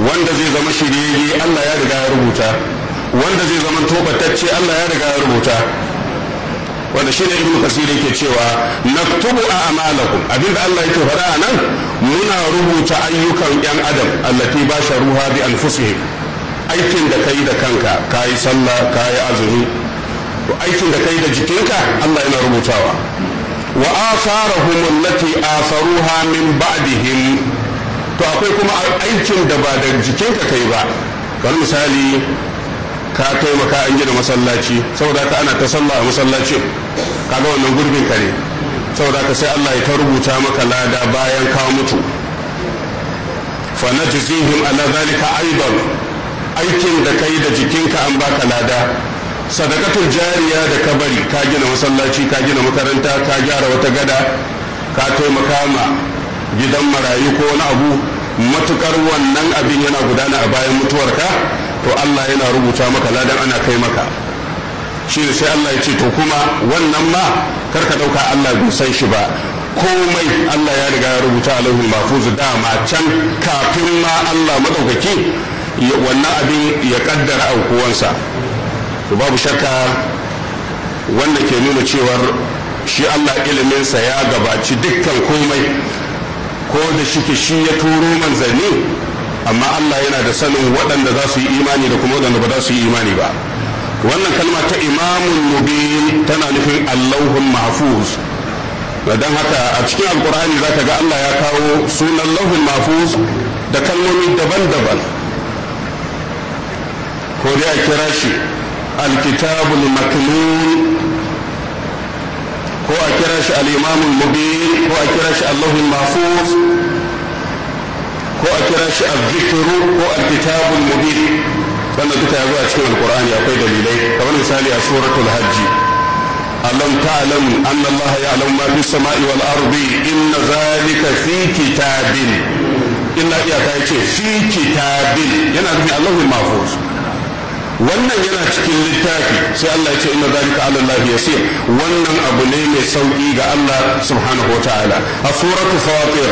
[SPEAKER 1] wanda zai zama shiryayye Allah ya riga ya rubuta wanda zai zama tobatacce Allah ya riga ya rubuta wanda shi ne ibn kasir yake cewa naktubu a'malakum abinda Allah yake faɗa a nan muna rubuta ayyukan yan adam allati basharuha bi anfusihim aikin da kai da kanka yi sallah yi azumi aikin da kai da jikinka Allah yana rubutawa wa asarahum allati asaruha min ba'dihim to akwai kuma aikin da ba da jikinka kai ba kamar misali ka taimaka an gina masallaci saboda ka ana ta sallah a masallacin kaga wannan gurbin ka ne saboda ka sai Allah ya ta rubuta maka lada bayan ka mutu fa najzihim ala zalika aidan aikin da kai da jikinka an baka lada sadakatul jariya da kabari ka gina masallaci ka gina makaranta ka gyara wata gada ka taimaka ma gidan marayu ko wani abu matukar wannan abin yana gudana a bayan mutuwarka to Allah yana rubuta maka ladan ana kai maka shi ne sai Allah ya ce to kuma wannan ma karka dauka Allah bai san shi ba komai Allah ya riga ya rubuta alaihi mafuzu dama can kafin ma Allah madaukaki wannan abin ya kaddara aukuwansa to babu shakka wanda ke nuna cewar shi Allah iliminsa ya gabaci dukkan komai ko da shike shi ya turo manzanni amma Allah yana da sanin waɗanda za su yi imani da kuma waɗanda ba za su yi imani ba wannan kalma ta imamun mubin tana nufin allahun mahfuz don haka a cikin alkur'ani zaka ga Allah ya kawo sunan lahun mahfuz da kalmomi daban-daban ko dai a kira shi alkitabul maknun ko a kira shi al'imamul mubin ko a kira shi allahul mahfuz ko a kira shi al ko al-kitabul mubin duka ya zo a cikin alkur'ani akwai dalilai kamar misali a suratul hajji alam ta'lam anna allah ya'lamu ma samai wal ardi inna zalika fi kitabin inna iyaka yace fi yana wannan yana cikin littafi sai Allah ya ce inna zalika ala Allah yasir wannan abu ne mai sauki ga Allah subhanahu wa ta'ala a suratu fatir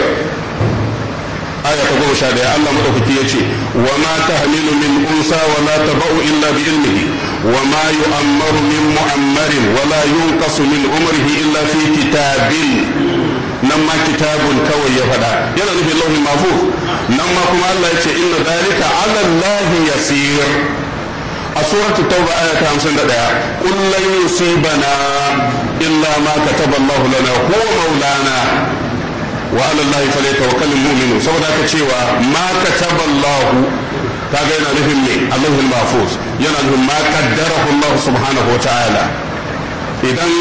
[SPEAKER 1] aya ta goma sha daya Allah madaukaki ya ce wa ma tahmilu min unsa wa ma taba'u illa bi ilmihi wa ma yu'ammaru min mu'ammarin wa la yunqasu min umrihi illa fi kitabin nan ma kitabun kawai ya faɗa yana nufin lauhin mahfuz nan ma kuma Allah ya ce inna zalika ala Allah yasir a suratu tauba aya ta hamsin da ɗaya kullum yusibana illa ma kataba Allah lana ko maulana wa ala Allah falyatawakkalul mu'minu saboda ka cewa ma kataba Allah kaga yana nufin ne Allahul mahfuz yana nufin ma qaddarahu Allah subhanahu wa ta'ala idan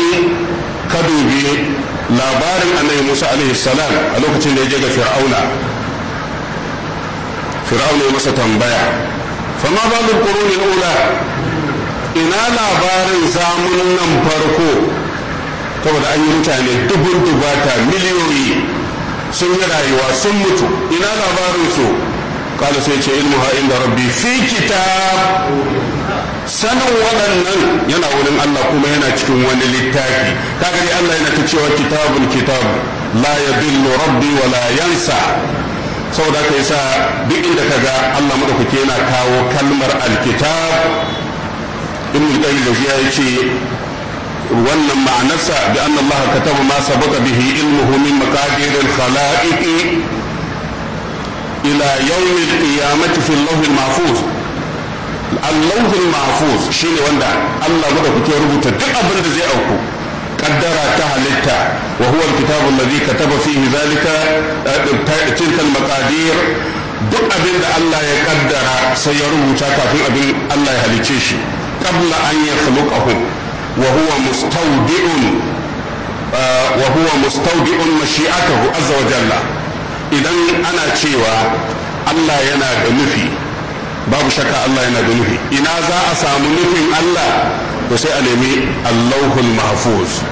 [SPEAKER 1] ka dubi labarin annabi Musa alaihi salam a lokacin da ya je ga Fir'auna Fir'auna ya masa tambaya fama ba da ƙurunin ula ina labarin zamun nan farko saboda an yi mutane dubun dubata miliyoyi sun yi rayuwa sun mutu ina labarin su kala sai ce ilmu ha'in da rabbi fi kitab sanin waɗannan yana wurin Allah kuma yana cikin wani littafi kaga Allah yana ta cewa kitabun kitab la yadillu rabbi wa la yansa saboda ka yasa duk inda ka ga Allah madaukake yana kawo kalmar alkitab ibn al-qayyim ya wannan ma'anarsa bi anna Allah kataba ma sabaqa bihi ilmuhu min maqadir al-khalaiq ila yawm al-qiyamati fi al-lawh al-mahfuz al-lawh al-mahfuz shine wanda Allah madaukake rubuta duk abin da zai auku kaddara ta halitta wa huwa alkitabu alladhi kataba fihi zalika eh, duk abin da Allah ya kaddara sai ya rubuta kafin abin Allah ya halice shi qabla an yakhluqahu wa huwa mustawdi'un eh, wa huwa mustawdi'un mashi'atahu azza wa jalla idan ana cewa Allah yana da nufi babu shakka Allah yana da nufi ina za a samu nufin Allah to sai a nemi Allahul Mahfuz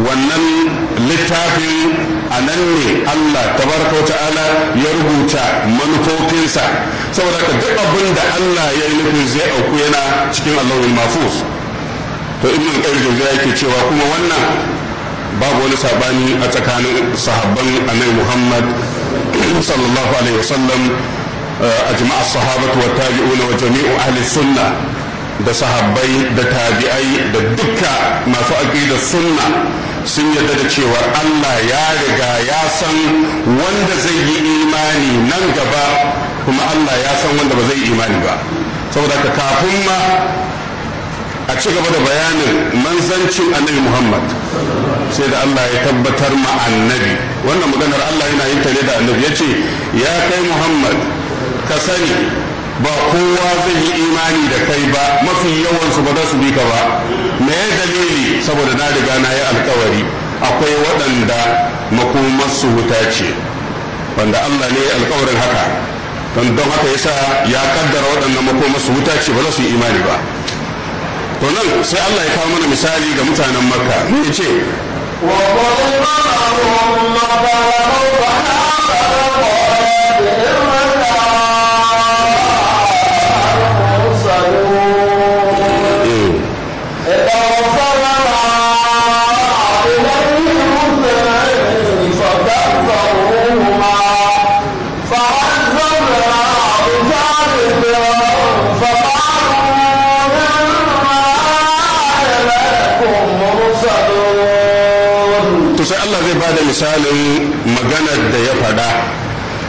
[SPEAKER 1] wannan littafin a nan ne Allah tabaraka ta'ala ya rubuta manufofinsa saboda ka duk abin da Allah ya yi nufin zai auku yana cikin Allahul Mafus to ibn al-qayyim yake cewa kuma wannan babu wani sabani a tsakanin sahabban annabi Muhammad sallallahu alaihi wasallam أجمع الصحابة والتابعون وجميع ahli السنة da sahabbai da tabi'ai da dukka masu da sunna sun yarda da cewa Allah ya riga ya san wanda zai yi imani nan gaba kuma Allah ya san wanda ba zai yi imani ba saboda ka kafin ma a ci gaba da bayanin manzancin annabi Muhammad sai da Allah ya tabbatar ma annabi wannan maganar Allah yana yin ta ne da annabi ya ce ya kai Muhammad ka sani ba kowa zai yi imani da kai ba mafi yawansu ba za su bi ka ba me ya dalili saboda na riga na yi alkawari akwai waɗanda makomarsu wuta ce wanda Allah ne alkawarin haka don don haka yasa ya kaddara waɗanda makomarsu wuta ce ba za su yi imani ba to nan sai Allah ya kawo mana misali ga mutanen makka ne ya ce وَقَدْ da misalin maganar da ya faɗa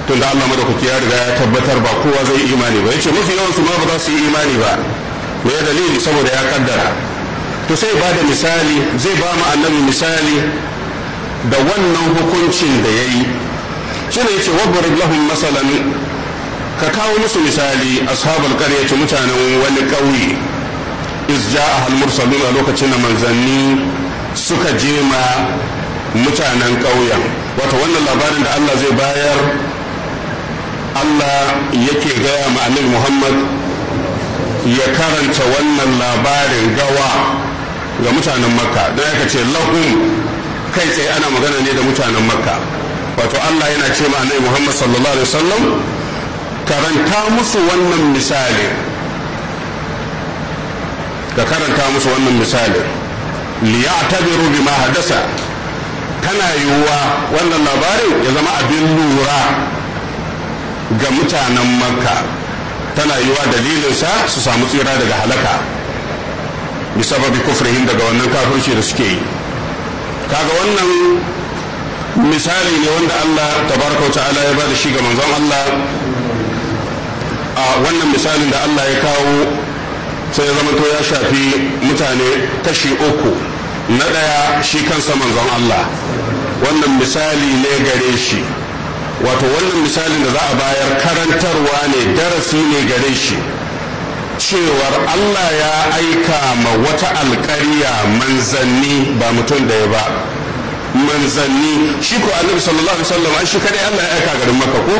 [SPEAKER 1] tun da Allah madaukaki ya riga ya tabbatar ba kowa zai imani ba yace mafi yawan su ma ba za su yi imani ba me ya dalili saboda ya kaddara to sai ba da misali zai ba mu annabi misali da wannan hukuncin da yayi shine yace wabbar lahum masalan ka kawo musu misali ashabul ce mutanen wani ƙauye iz ja'a al mursalun a lokacin da manzanni suka je mutanen ƙauyen wata wannan labarin da Allah zai bayar Allah yake gaya ma annabi Muhammad ya karanta wannan labarin gawa ga mutanen makka don yaka ce lahum kai tsaye ana magana ne da mutanen makka wato Allah yana ce ma annabi Muhammad sallallahu alaihi wasallam karanta musu wannan misali ka karanta musu wannan misali liya'tabiru bima hadasa tana yiwuwa wannan labarin ya zama abin lura ga mutanen makka tana yiwuwa dalilinsa su samu tsira daga halaka bisababi kufrihim daga wannan kafirci da suke yi kaga wannan misali ne wanda Allah tabaraka ta'ala ya da shi ga manzon Allah a wannan misalin da Allah ya kawo sai ya zama to ya shafi mutane tashi uku na ɗaya shi kansa manzon Allah wannan misali ne gare shi wato wannan misalin da za a bayar karantarwa ne darasi ne gare shi cewar Allah ya aika ma wata alkariya manzanni ba mutum da ya ba manzanni shi ko annabi sallallahu alaihi wasallam shi kadai Allah ya aika garin Makka ko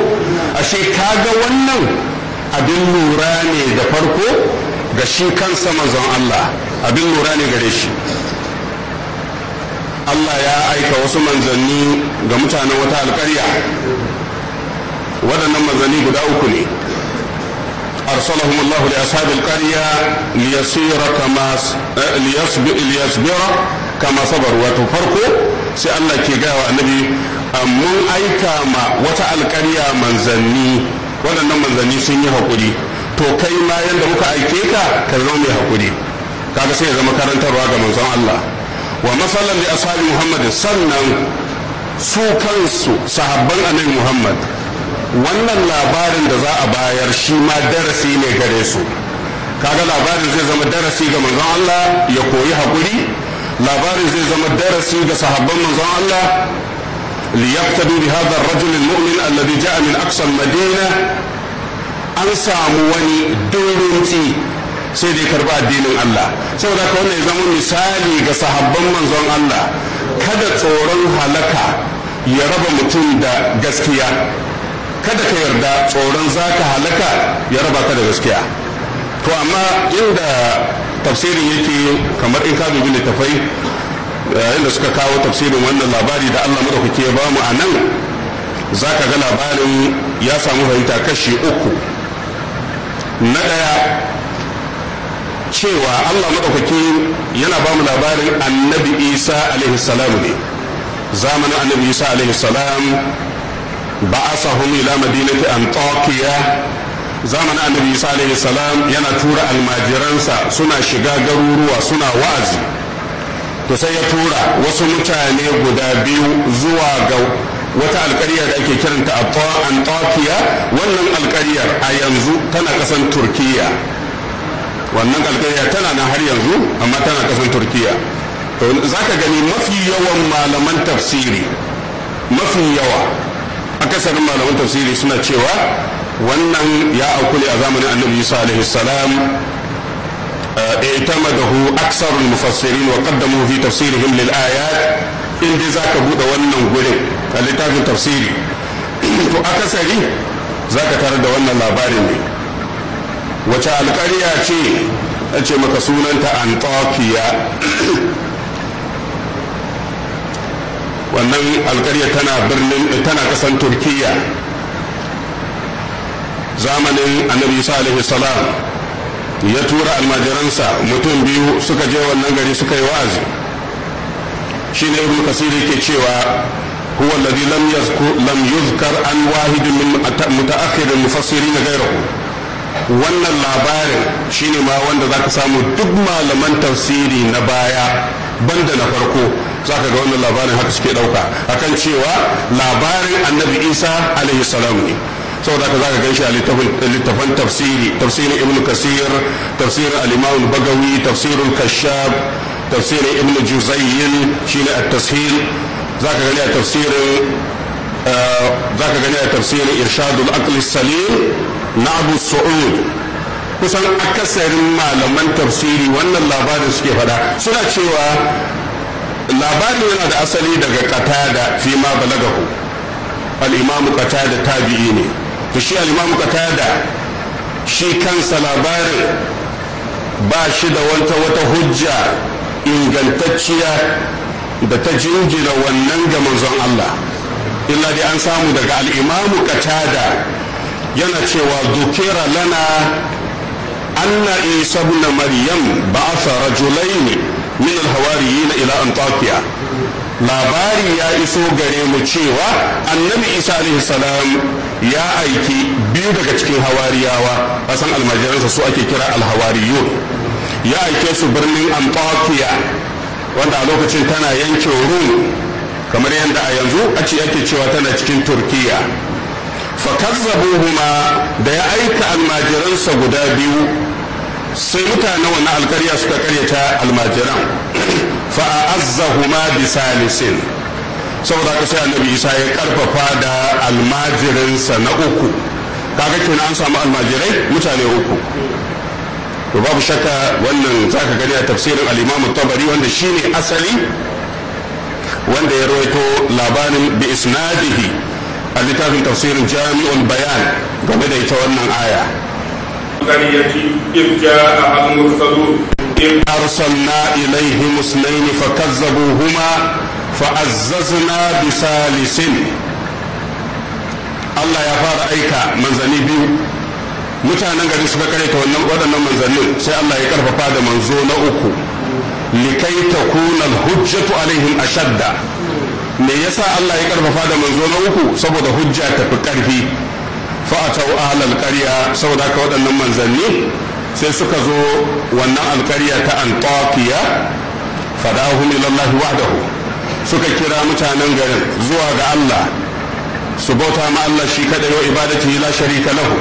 [SPEAKER 1] ashe kaga wannan abin lura ne da farko ga shi kansa manzon Allah abin lura ne gare shi Allah ya aika wasu manzanni ga mutanen wata alkarya waɗannan manzanni guda uku ne أرسلهم الله لأصحاب القرية ليصير كما ليصبر كما صبر وتفرقوا sai Allah ke gaya wa annabi mun aika ma wata alƙarya manzanni waɗannan manzanni sun yi haƙuri to kai ma yadda muka aike ka ka zama mai haƙuri kaga sai ya zama karantarwa ga manzon Allah wa masalan da ashabi muhammad sannan su kansu sahabban annabi muhammad wannan labarin da za a bayar shi ma darasi ne gare su kaga labarin zai zama darasi ga manzon Allah ya koyi haƙuri labarin zai zama darasi ga sahabban manzon Allah liyaqtadu bi hadha ar-rajul al-mu'min alladhi ja'a min aqsa al-madina an samu wani durinci sai dai karba addinin Allah saboda haka wannan ya zama misali ga sahabban manzon Allah kada tsoron halaka ya raba mutum da gaskiya kada ka yarda tsoron zaka halaka ya raba ka da gaskiya to amma inda tafsirin yake kamar in ka dubi littafai eh, inda suka kawo tafsirin wannan labari da Allah madaukake ya bamu a nan za ga labarin ya samu fahimta kashi uku na ɗaya cewa Allah madaukaki yana ba mu labarin annabi Isa alaihi salam ne zamanin annabi Isa alaihi salam a ba'asahum ila madinati antakiya zamanin annabi Isa alaihi salam yana tura almajiransa suna shiga garuruwa suna wa'azi to sai ya tura wasu mutane guda biyu zuwa ga wata alkariya da ake kiranta a antakiya wannan alkariyar a yanzu tana kasan turkiya wannan alƙarya tana nan har yanzu amma tana kasan turkiya to za ka gani mafi yawan malaman tafsiri mafi yawa akasarin malaman tafsiri suna cewa wannan ya aukule a zamanin annabi isa alaihi salam اعتمده أكثر المفسرين وقدموا في تفسيرهم للآيات إن za ka buɗe wannan gurin a littafin tafsiri to akasari zaka tare da wannan labarin ne wace alƙarya ce a ce maka sunanta antakiya wannan alƙarya tana birnin tana ƙasan turkiya zamanin annabi isa salam ya tura almajiransa mutum biyu suka je wannan gari suka yi wa'azi shi ne ibn kasiri ke cewa هو الذي an يذكر لم يذكر عن واحد من wannan labarin shine ma wanda za ka samu duk malaman tafsiri na baya banda na farko za ka ga wannan labarin haka suke ɗauka akan cewa labarin annabi isa alaihi salam ne saboda ka za ka ganshi a littafan tafsiri tafsirin ibn kasir tafsirin al-imam bagawi tafsirin kashab tafsirin ibn juzayyin shine at-tashil za gani a tafsirin eh, za ka gani a tafsirin irshadul aqli salim na abu sa'ud kusan akasarin malaman tafsiri wannan labarin suke fada suna cewa labarin yana da asali daga da fi ma balagahu al-imamu qatada tabi'i ne ta shi al'imamu imamu da shi kansa labarin ba shi da wata wata hujja ingantacciya da ta jingina wannan ga manzon Allah illa dai an samu daga al'imamu imamu da. yana cewa dukira lana anna isa ibn maryam ba'atha rajulaini min al-hawariyin ila antakiya labari ya iso gare mu cewa annabi isa alaihi salam ya aiki biyu daga cikin hawariyawa kasan almajiransa su ake kira alhawariyun ya aike su birnin antakiya wanda a lokacin tana yankin rum kamar yadda a yanzu a ce ake cewa tana cikin turkiya fakazzabuhuma da ya aika almajiransa guda biyu sai mutane wani alkarya suka karyata almajiran fa'azzahuma bisalisin saboda haka sai annabi isa ya karfafa da almajiransa na uku kaga kenan an samu almajirai mutane uku to babu shakka wannan zaka gani a tafsirin al-imam tabari wanda shine asali wanda ya rawaito labarin bi isnadihi a littafin tafsirin jami'ul bayan game da ita wannan aya أرسلنا إليهم fa فكذبوهما فعززنا بثالث Allah ya fara aika manzanni biyu mutanen gari suka karanta wannan waɗannan manzannin sai Allah ya karfafa da manzo na uku likai takuna hujjatu alaihim ashadda me yasa Allah ya karfafa da manzo na uku saboda hujja ta fi karfi fa'atau ahlal qarya saboda ka waɗannan manzanni sai suka zo wannan alkarya ta antakiya fadahum ila Allah wahdahu suka kira mutanen garin zuwa ga Allah su bauta ma Allah shi kadai wa ibadati la sharika lahu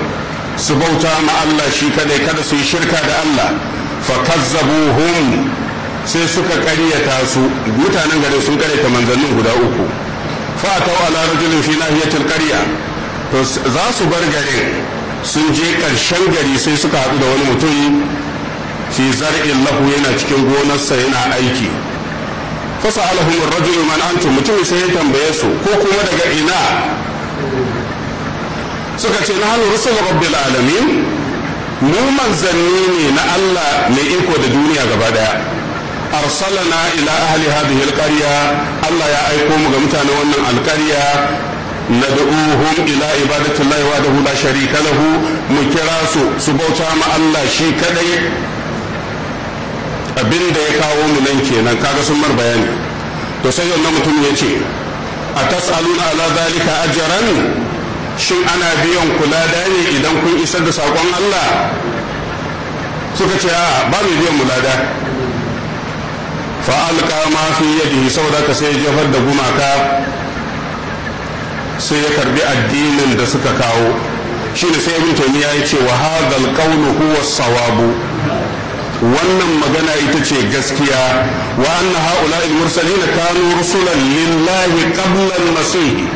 [SPEAKER 1] su bauta ma Allah shi kadai kada su yi shirka da Allah fa kazzabuhum sai suka karyata su mutanen garin sun ƙaryata manzannin guda uku fatau ala rajulin fi nahiyatil qarya to za su bar garin sun je karshen gari sai suka haɗu da wani mutum fi zar'in lahu yana cikin gonarsa yana aiki fasa alahumar rajulu man antum mutum sai ya tambaye su ko kuma daga ina suka ce na hannu rusul rabbil alamin mu manzanni ne na Allah mai iko da duniya gaba daya arsalana ila ahli hadhihi alqarya Allah ya aiko mu ga mutanen wannan alqarya nad'uhum ila ibadatillahi wahdahu la sharika lahu mu kira su su bauta ma Allah shi kadai abin da ya kawo mu nan kenan kaga sun mar bayani to sai wannan mutum ya ce a tas'aluna ala zalika ajran shin ana biyan kula da ne idan kun isar da sakon Allah suka ce a ba mu biyan mu lada fa alqa ma fi yadihi saboda ka sai jefar da gumaka sai ya karbi addinin da suka kawo Shin sai Abin taymiya ya ce wa hagal alqawlu huwa sawabu wannan magana ita ce gaskiya wa na haula al na kanu rusulan lillahi qabla al yi.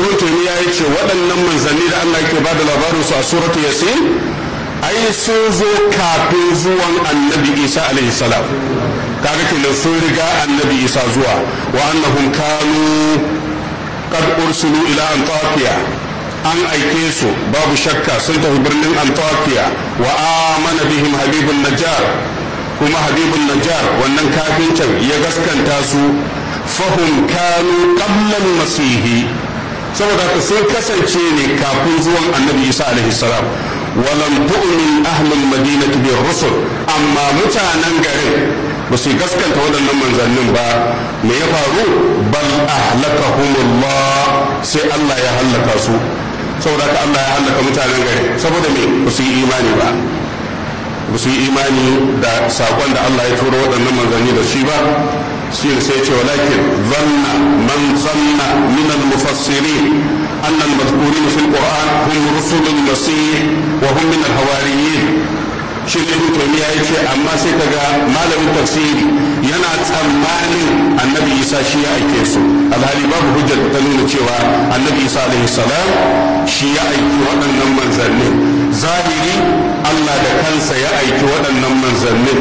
[SPEAKER 1] ibn taymiya ya yi ce waɗannan manzanni da Allah ba da labarin su a suratu yasin ai sun zo kafin zuwan annabi isa alaihi salam kaga kenan sun riga annabi isa zuwa wa annahum kanu qad ursilu ila antakiya an aike su babu shakka sun tafi birnin antakiya wa amana bihim habibun najjar kuma habibun najjar wannan kafincin ya gaskanta su fahum kanu qablan masihi saboda ka sun kasance ne kafin zuwan annabi isa alaihi salam ولم تؤمن ahlul madinati بالرسل rusul amma mutanen garin ba su gaskanta waɗannan manzannin ba me ya faru bal ahlakahumullah sai Allah ya hallaka su saboda ka Allah ya hallaka mutanen gari saboda me ba su yi imani ba ba su yi imani da sakon da Allah ya turo waɗannan manzanni da shi ba shi ne sai ce walakin zanna man zanna min al-mufassirin anna al-madhkurin fil qur'an hum rusulul masih wa hum min al shi ne ibn taymiya ya ce amma sai ka ga malamin tafsiri yana tsammanin annabi isa shi ya aike su alhali babu hujjar ta nuna cewa annabi isa alaihi salam shi ya aiki waɗannan manzannin zahiri allah da kansa ya aiki waɗannan manzannin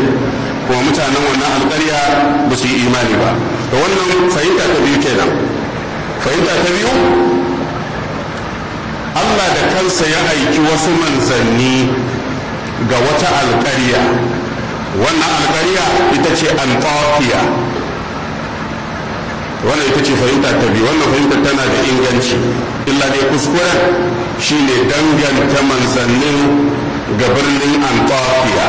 [SPEAKER 1] kuma mutanen wannan alƙarya ba su yi imani ba da wannan fahimta ta biyu kenan fahimta ta biyu allah da kansa ya aiki wasu manzanni ga wata alƙarya wannan alƙarya ita ce antakiya wannan ita ce fahimta ta biyu wannan fahimta tana da inganci illa dai kuskuren shine danganta manzannin ga birnin antakiya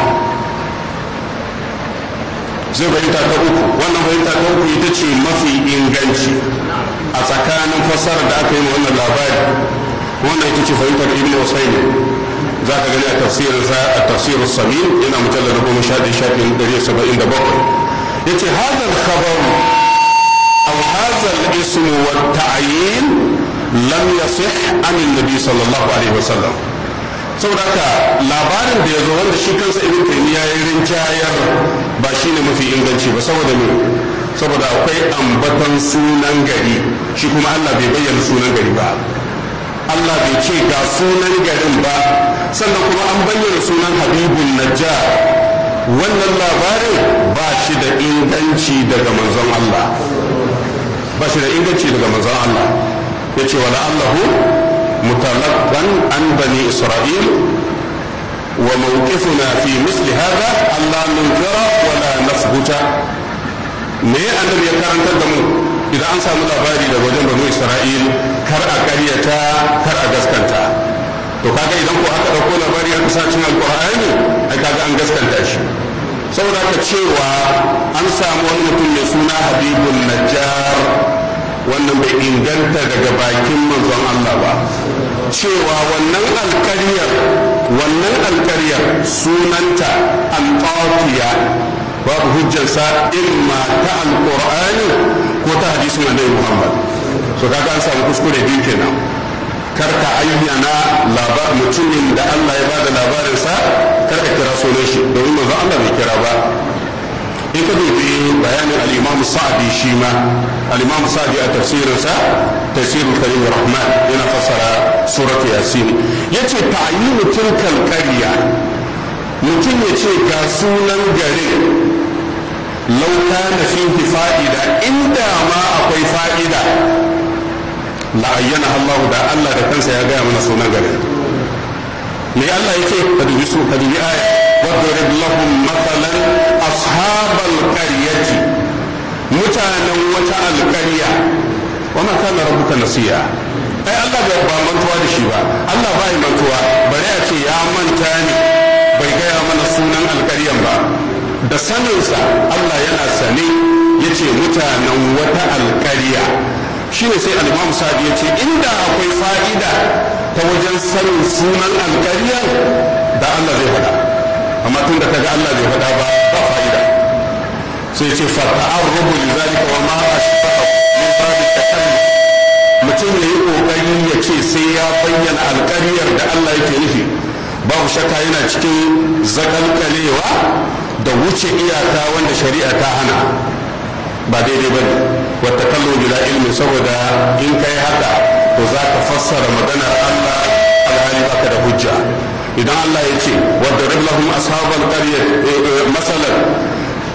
[SPEAKER 1] zai fahimta ta uku wannan fahimta ta uku ita ce mafi inganci a tsakanin fasarar da aka yi wannan labari wannan ita ce fahimtar ibn usaymin za ka gani a tafsirin sa a tafsirin samin yana mujallar da goma sha shafin ɗari saba'in da bakwai ya ce hazal khabar au hazal ismu wa ta'ayin lam yasih anin nabi sallallahu alaihi wa sallam. saboda haka labarin da ya zo wanda shi kansa ibn taymiya ya rinjayar ba shine mafi inganci ba saboda me saboda akwai ambaton sunan gari shi kuma Allah bai bayyana sunan gari ba Allah bai ce ga sunan garin ba sannan kuma an bayyana sunan habibun najjar wannan labarin ba shi da inganci daga manzon Allah ba shi da inganci daga manzon Allah ya ce wa la'allahu an bani isra'il wa mawqifuna fi misli hada Allah nunkira wa la nasbuta me annabi ya karantar da mu idan an samu labari daga wajen banu isra'il kar a karyata kar a gaskanta to kaga idan ko aka ɗauko labari aka sa cin alkur'ani ai kaga an gaskanta shi saboda ka cewa an samu wani mutum mai suna habibul najjar wannan bai inganta daga bakin manzon Allah ba cewa wannan alkaryar wannan alkaryar sunanta alƙafiya babu hujjarsa imma ta alqur'ani ko ta hadisin annabi Muhammad so kaga an samu kuskure biyu kenan karka ayyana labar mutumin da Allah ya bada labarinsa karka kira sunan shi domin manzo Allah bai kira ba in ka dubi bayanin al-Imam Sa'di shi ma al-Imam Sa'di a tafsirinsa tafsirul Karim Rahman yana fassara surat Yasin yace ta'yinu tilkal qarya mutum ya ce ga sunan garin lauka na fi fa'ida inda ma akwai fa'ida la ayyana Allah da Allah da kansa ya gaya mana sunan gari. me Allah yake dubi su ka dubi aya wadrib lahum mathalan ashabal qaryati mutanen wata alqarya wa ma kana rabbuka nasiya ai Allah bai ba mantuwa da shi ba Allah ba mantuwa bare a ce ya manta ne bai gaya mana sunan alkaryan ba da saninsa Allah yana sane yace mutanen wata alkarya shine sai alimamu sa'adu ya ce inda akwai fa'ida ta wajen sanin sunan alkariyar da Allah zai faɗa amma tun da kaga Allah zai faɗa ba ba fa'ida sai ce fata'arrubu li zalika wa ba ne ba da takallum mutum ya yi ƙoƙari ya ce sai ya bayyana alkariyar da Allah yake nufi babu shakka yana cikin zakalkalewa da wuce iyaka wanda shari'a ta hana ba daidai ba ne wata kallo bila ilmi saboda in ka yi haka to za ka fassara maganar allah alhali baka da hujja idan allah ya ce wadda rablahum ashabar karyar eh, eh,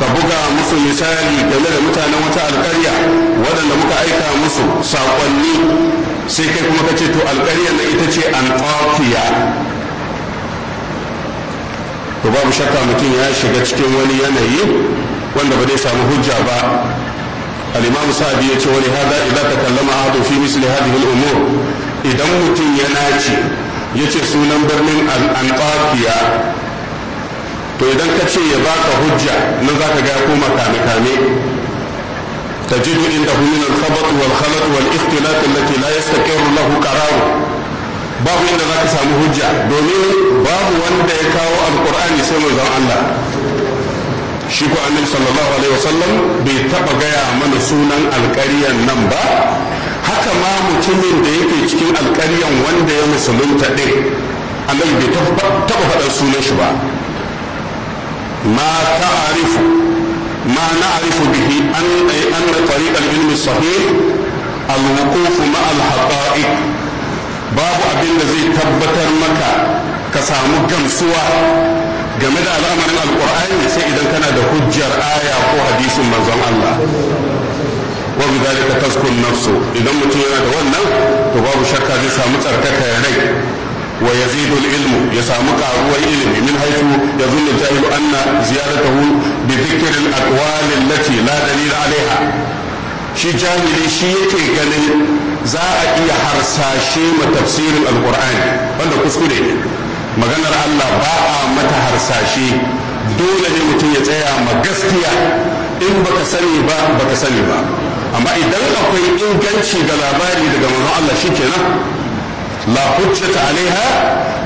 [SPEAKER 1] ka buga musu misali game da mutanen wata alkarya waɗanda muka aika musu saƙonni sai kai kuma ka ce to alkaryar da ita ce antakiya to babu shakka mutum ya shiga cikin wani yanayi wanda ba zai samu hujja ba al-imam sa'adi yace wani hada idan ta kallama ahadu fi misli hadhihi al-umur idan mutum ya nace yace sunan birnin al-antakiya to idan ka ce ya baka hujja nan zaka ga koma kame kame تجد عنده من الخبط والخلط والاختلاط التي لا يستقر له قراره babu inda za ka samu hujja domin babu wanda ya kawo Alƙur'ani sai manzon Allah shi ko annabi sallallahu alaihi wasallam bai taba gaya mana sunan alƙaryan nan ba haka ma mutumin da yake cikin alƙaryan wanda ya musulunta ɗin annabi bai taba faɗa sunan shi ba ma ta'arifu ma na'rifu bihi an ay eh, anna tariq al-ilm sahih al-wuquf ma al-haqa'iq babu abin da zai tabbatar maka ka samu gamsuwa game da al'amarin alkur'ani sai idan kana da hujjar aya ko hadisin manzon Allah wa bi dalika taskun nafsu idan mutum yana da wannan to babu shakka zai samu tsarkaka ya rai wa yazidu ilmu ya samu karuwar ilimi min haifu ya zunnu jahilu anna ziyaratahu bi dhikri aqwal allati la dalil alaiha shi jahili shi yake ganin za a iya harsashe ma tafsirin alkur'ani wanda kuskure ne maganar Allah ba a mata harsashe dole ne mutum ya tsaya ma gaskiya in baka sani ba baka sani ba amma idan akwai inganci ga labari daga manzon Allah shikenan la hujjata alaiha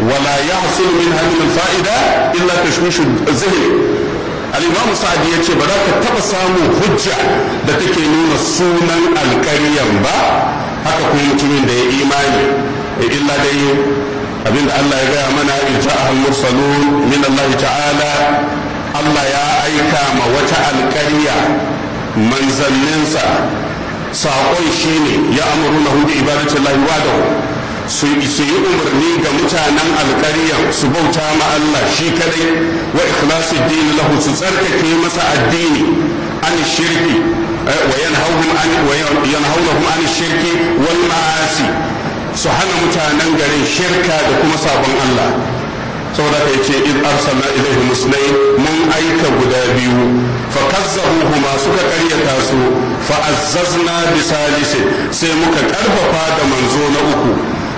[SPEAKER 1] wala yahsul min hadhihi al-fa'ida illa tashwish az-zihn al-imam sa'di yace ba za ka taba samu hujja da take nuna sunan alkaryan ba haka kuma mutumin da ya imani illa dai Abin da Allah ya gaya mana ja'al mursalun min Allah ta'ala Allah ya aika ma wata alƙarya manzanninsa saƙon shine ya amuruna hu bi ibadati Allah wadahu su yi umarni ga mutanen alƙaryan su bauta ma Allah shi kadai wa ikhlasu dini lahu su tsarkake masa addini an shirki eh, wa yanhawhum an an shirki wal ma'asi su hana mutanen garin shirka da kuma sabon Allah saboda kai ce in arsalna ilaihi musulai mun aika guda biyu fa kazzabuhuma suka karyata su fa azzazna bi salisi sai muka karfafa da manzo na uku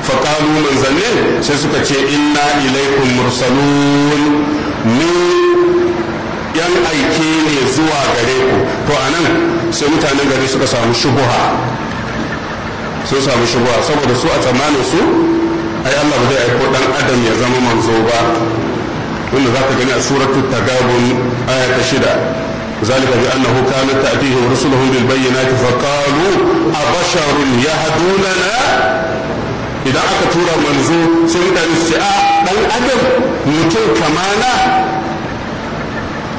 [SPEAKER 1] fa kalu manzannin sai suka ce inna ilaikum mursalun ni yan aike ne zuwa gare ku to anan sai mutanen gari suka samu shubuha sun samu shubuha saboda su a tsammanin su ai Allah ba zai aiko dan adam ya zama manzo ba wanda zaka gani a suratul tagabun aya ta shida ذلك بأنه كانت تأتيهم رسلهم بالبينات فقالوا أبشر يهدوننا idan aka tura manzo sai mutane su ce a dan adam mutum kamana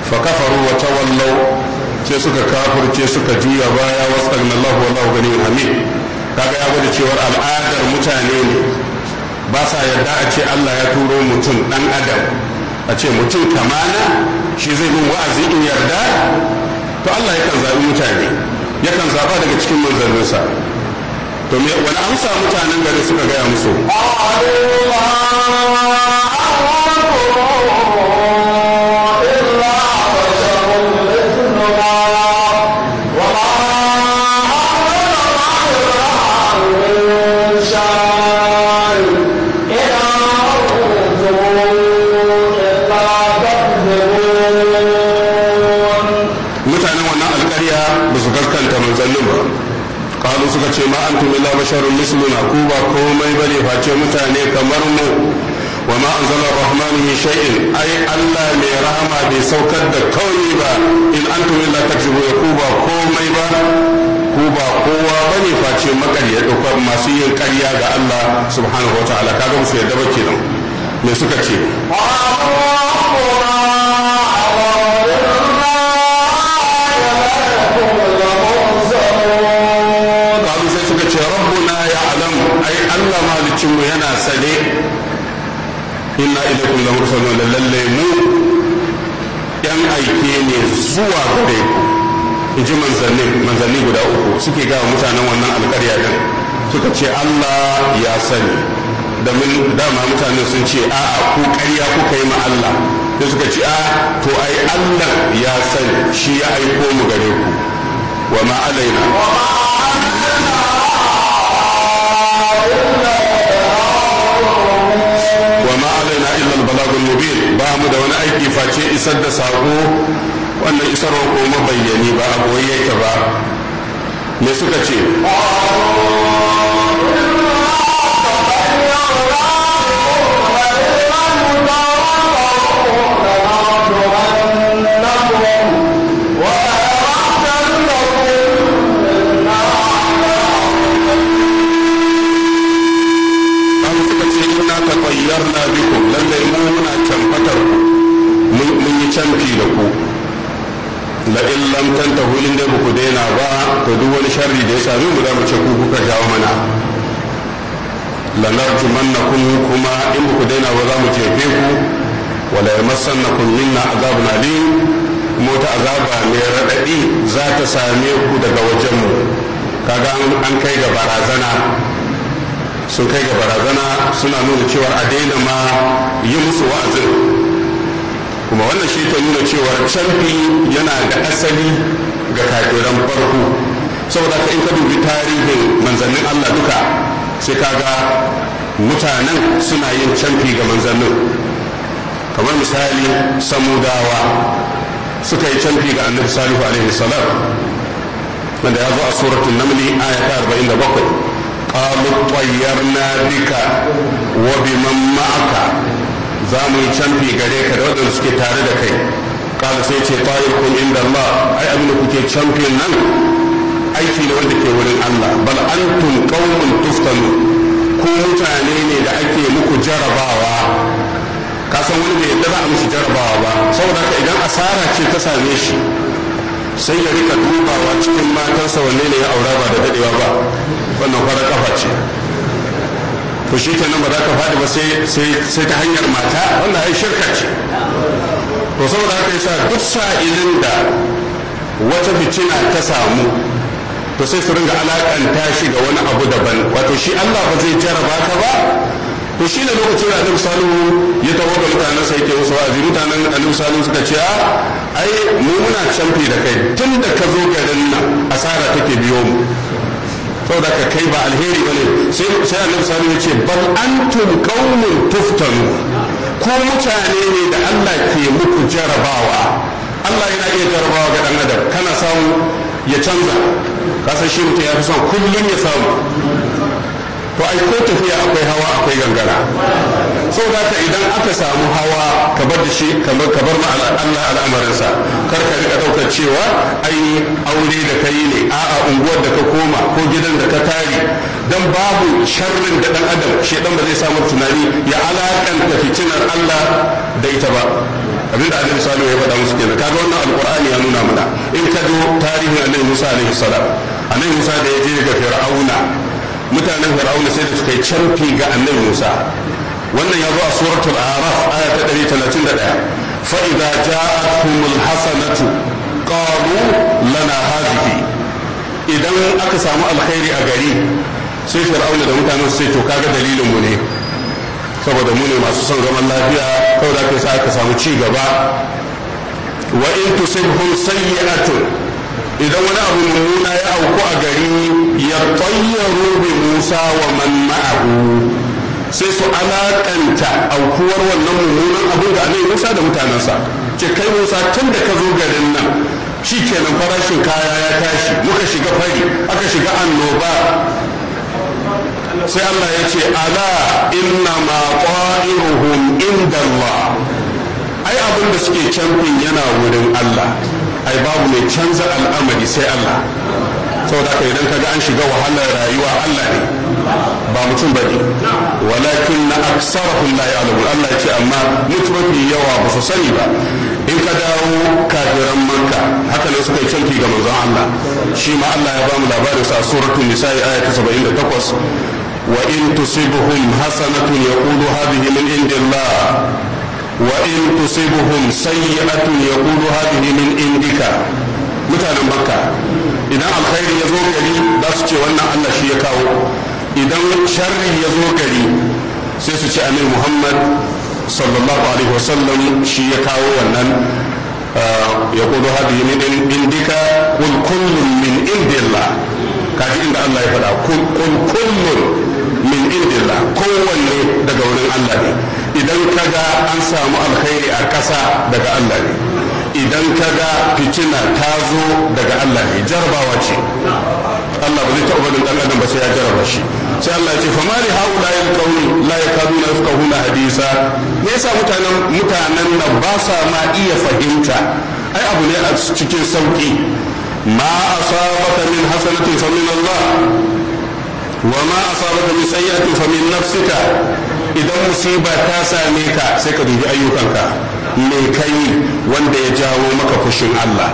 [SPEAKER 1] fa kafaru wa tawallau suka kafurce suka juya baya wasu Allah wallahu gani hamid kaga ya gwada cewar al'adar mutane ne ba sa yarda a ce Allah ya turo mutum dan adam a ce mutum kamana shi zai bin wa'azi in yarda to Allah ya kan zaɓi mutane ya kan zaɓa daga cikin manzanninsa to me wani amsa mutanen gari suka gaya musu sahabbai suka ce ma antum illa basharun misluna ku ba komai bane face mutane kamar mu wa ma anzala rahman min shay'in ai Allah mai rahama bai saukar da kauni ba in antum illa takzibu ku ba komai ba ku ba kowa bane face makarya dokar masu yin karya ga Allah subhanahu wa ta'ala kaga musu yadda ba kenan me suka ce Allahu mu yana sane ina ila kullum mursalun da lalle mu yan aike ne zuwa gare ku in ji manzanni guda uku suke gawa mutanen wannan alƙarya din suka ce Allah ya sani mun dama mutane sun ce a'a ku ƙarya ku yi ma Allah da suka ce a to ai Allah ya sani shi ya aiko mu gare ku wa ma alaina wa ma alaina illa albalagul mubin ba mu da wani aiki face isar da sako wannan isarwa ko mabayyani ba a goye yake ba me suka ce tafayyarna bikum lallai mu muna canfatar ku mun yi canfi da ku la illam lam tantahu in ku daina ba to duk wani sharri da ya same mu za mu ce ku kuka jawo mana kun kuma in ku daina ba za mu jefe ku wala kun minna azabun alim mota azaba mai raɗaɗi za ta same ku daga wajenmu kaga an kai ga barazana sun kai ga barazana suna nuna cewar a daina ma yi musu wa'azin kuma wannan shi ta nuna cewar canfi yana da asali ga kafiran farko saboda ka in ka dubi tarihin manzannin allah duka sai ka ga mutanen suna yin canfi ga manzannin kamar misali samudawa suka yi canfi ga annabi salihu alaihi salam wanda ya zo a suratun namli aya ta 47 قالوا طيرنا بك وبمن معك زامو da غريك ودن سكي تاردك قال سيتي طائركم عند الله أي أبنك كي canfi nan aiki ne wanda ke wurin Allah bal antum qaumun tuftanu ku mutane ne da ake muku jarabawa ka san wani bai yadda za a mishi jarabawa ba saboda haka idan asara ce ta same shi sai ya rika dubawa cikin matansa wanne ne ya aura ba da dadewa ba wannan farar kafa ce to shi kenan ba za ka faɗi ba sai ta hanyar mata wannan ai shirka ce to saboda haka yasa duk sa'ilin da wata fitina ta samu to sai su ringa alakanta shi ga wani abu daban wato shi Allah ba zai jaraba ka ba to shi ne lokacin da Annabi Salihu ya tawo ga mutanen sa yake musu wa'azi mutanen Annabi Salihu suka ce a ah, ai mu muna canfi da kai tun da ka zo garin nan asara take biyo mu saboda ka kai ba alheri bane sai sai annabi sallallahu ya ce bal antum qaumun tuftanu ko mutane ne da Allah ke muku jarabawa Allah yana iya jarabawa ga dan adam kana samu ya canza kasan shi mutum ya fi son kullum ya samu to ai ko tafiya akwai hawa akwai gangara So za ka idan aka samu hawa ka bar da shi kamar ka bar ma Allah al'amarinsa kar ka rika daukar cewa ai aure da kai ne a'a unguwar da ka koma ko gidan da ka tare dan babu sharrin da dan adam shi dan ba zai samu tunani ya alakanta fitinar Allah da ita ba abin da annabi salihu ya faɗa musu kenan kaga wannan alqur'ani ya nuna mana in ka zo tarihin annabi musa alaihi salam annabi musa da ya je ga fir'auna mutanen fir'auna sai da suka yi canfi ga annabi musa wannan ya zo a suratul araf aya ta 131 fa idza ja'atuhumul hasanatu qalu lana hadhihi idan aka samu alkhairi a gari sai fir'auna da mutanen sai to kaga dalilin mu ne saboda mu ne masu son zaman lafiya saboda kai sa aka samu ci gaba wa in tusibhum sayyi'atun idan wani abu mummuna ya auku a gari ya tayyaru bi Musa wa man ma'ahu sai su alakanta aukuwar wannan mummunan abin da annabi Musa da mutanensa ce kai Musa tun da ka zo garin nan shi shikenan farashin kaya ya tashi muka shiga fari aka shiga annoba sai Allah ya ce ala inna ma qa'iruhum inda Allah ai abin da suke camfin yana wurin Allah ai babu mai canza al'amari sai Allah saboda ka idan kaga an shiga wahalar rayuwa Allah ne ba mutum bane walakin na aksarahum la ya'lamun Allah ce amma mutum yawa ba su sani ba in ka dawo kafiran makka haka ne suka yi canki ga manzon Allah shi ma Allah ya bamu labarin sa suratul nisa'i aya ta 78 wa in tusibuhum hasanatun yaqulu hadhihi min indillah wa in tusibuhum sayyi'atun yaqulu hadhihi min indika mutanen makka idan alkhairi ya zo gari za su ce wannan Allah shi ya kawo idan sharri ya zo gari sai su ce annabi Muhammad sallallahu alaihi wasallam shi ya kawo wannan ah, ya kudu hadi min indika kul kullum min indillah kaji inda Allah ya faɗa kul kullum min indillah kowanne daga wurin Allah ne idan kaga an samu alkhairi a ƙasa daga Allah ne idan ka ga fitina ta zo daga Allah ne jarabawa ce Allah ba zai taɓa barin ɗan adam ba sai ya jaraba shi sai Allah ya ce fa mali haula yal qawmi la yakaduna yafqahuna hadisa me yasa mutanen mutanen nan ba sa ma iya fahimta ai abu ne a cikin sauki ma asabaka min hasanatin fa min Allah wa ma asabaka min sayyi'atin fa min nafsika idan musiba ta same ka sai ka dubi ayyukanka me kai wanda ya jawo maka fushin Allah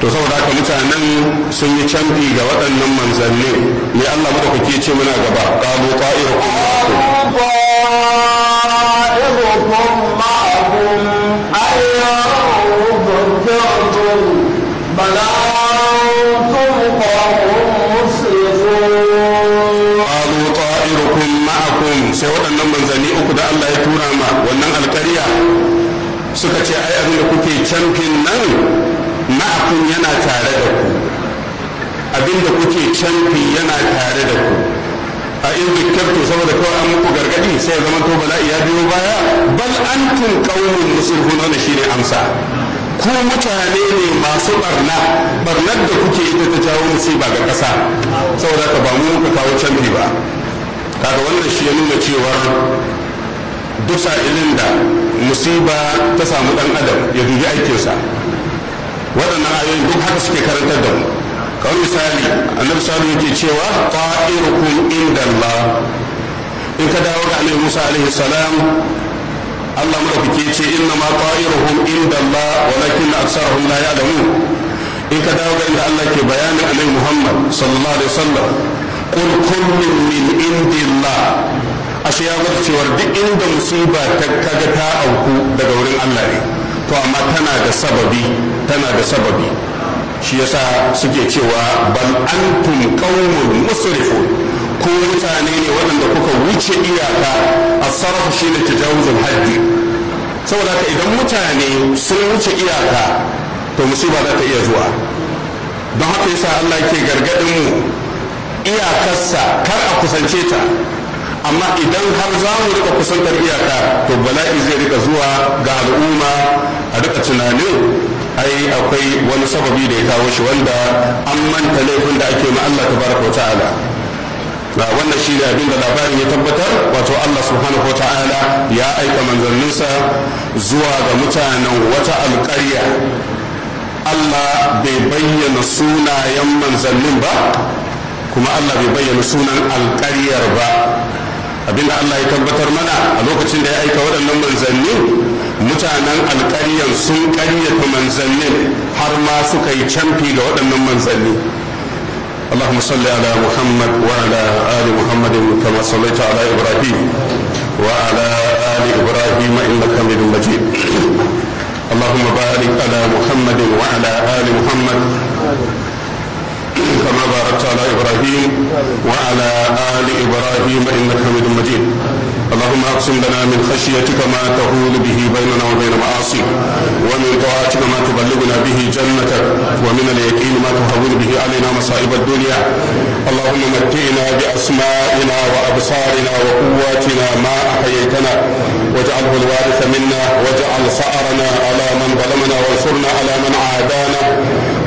[SPEAKER 1] to saboda haka mutanen sun yi canji ga waɗannan manzanni ne Allah kake ce muna gaba qalu ta'irukum sai waɗannan manzanni uku da Allah ya tura ma wannan suka ce ai abin da kuke camfin nan ma'akun yana tare da ku abin kuke camfi yana tare da ku a in zikkartu saboda kawai an muku gargadi sai zaman to bala'i ya biyo baya bal antum qaumun muslihun shi shine amsa ku mutane ne masu barna barnar da kuke ita ta jawo musiba ga ƙasa saboda ka ba mu muka kawo canfi ba kaga wannan shi ya nuna cewar duk sa'ilin da musiba ta samu dan adam ya dubi aikinsa waɗannan ayoyin duk haka suke karantar da mu kawai misali annabi salihu yake cewa ta'irukum inda Allah in ka dawo ga annabi Musa alaihi salam Allah madaukake ce inna ma ta'iruhum inda Allah walakin aksarahum la ya'lamun in ka dawo ga inda Allah ke Bayani annabi Muhammad sallallahu alaihi wasallam qul kullun min indillah ashe ya gwada cewar duk inda musiba ta kaga ta auku daga wurin Allah ne to amma tana da sababi tana da sababi shi yasa suke cewa bal antum qaumun musrifun ko mutane ne waɗanda kuka wuce iyaka a sarrafa shi ne tajawuzul haddi saboda ka idan mutane sun wuce iyaka to musiba za ta iya zuwa don haka yasa Allah ke gargadin mu iyakarsa kar a kusance ta amma idan har za mu rika kusantar iyaka to bala'i zai rika zuwa ga al'umma a rika tunanin ai akwai wani sababi da ya kawo shi wanda an manta laifin da ake ma Allah tabaraka ta'ala ba wannan shi ne abin da labarin ya tabbatar wato Allah subhanahu wa ta'ala ya aika manzanninsa zuwa ga mutanen wata alƙarya Allah bai bayyana sunayen manzannin ba kuma Allah bai bayyana sunan alƙaryar ba abinda Allah ya tabbatar mana a lokacin da ya aika waɗannan manzanni mutanen alƙaryan sun ƙaryata manzannin har ma suka yi canfi ga waɗannan manzanni اللهم صل على محمد وعلى آل محمد كما صليت على إبراهيم وعلى آل إبراهيم إنك حميد مجيد اللهم بارك على محمد وعلى آل محمد كما باركت على ابراهيم وعلى ال ابراهيم انك حميد مجيد اللهم اقسم لنا من خشيتك ما تحول به بيننا وبين معاصيك ومن طاعتك ما تبلغنا به جنتك ومن اليقين ما تهون به علينا مصائب الدنيا اللهم متئنا باسمائنا وابصارنا وقواتنا ما احييتنا واجعله الوارث منا واجعل ثارنا على من ظلمنا وانصرنا على من عادانا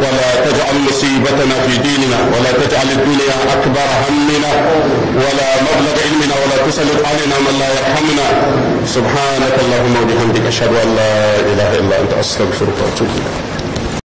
[SPEAKER 1] ولا تجعل مصيبتنا في ديننا ولا تجعل الدنيا اكبر همنا ولا مبلغ علمنا ولا تسلط علينا من الله يرحمنا سبحانك اللهم وبحمدك أشهد أن لا إله إلا أنت أستغفرك وأتوب إليك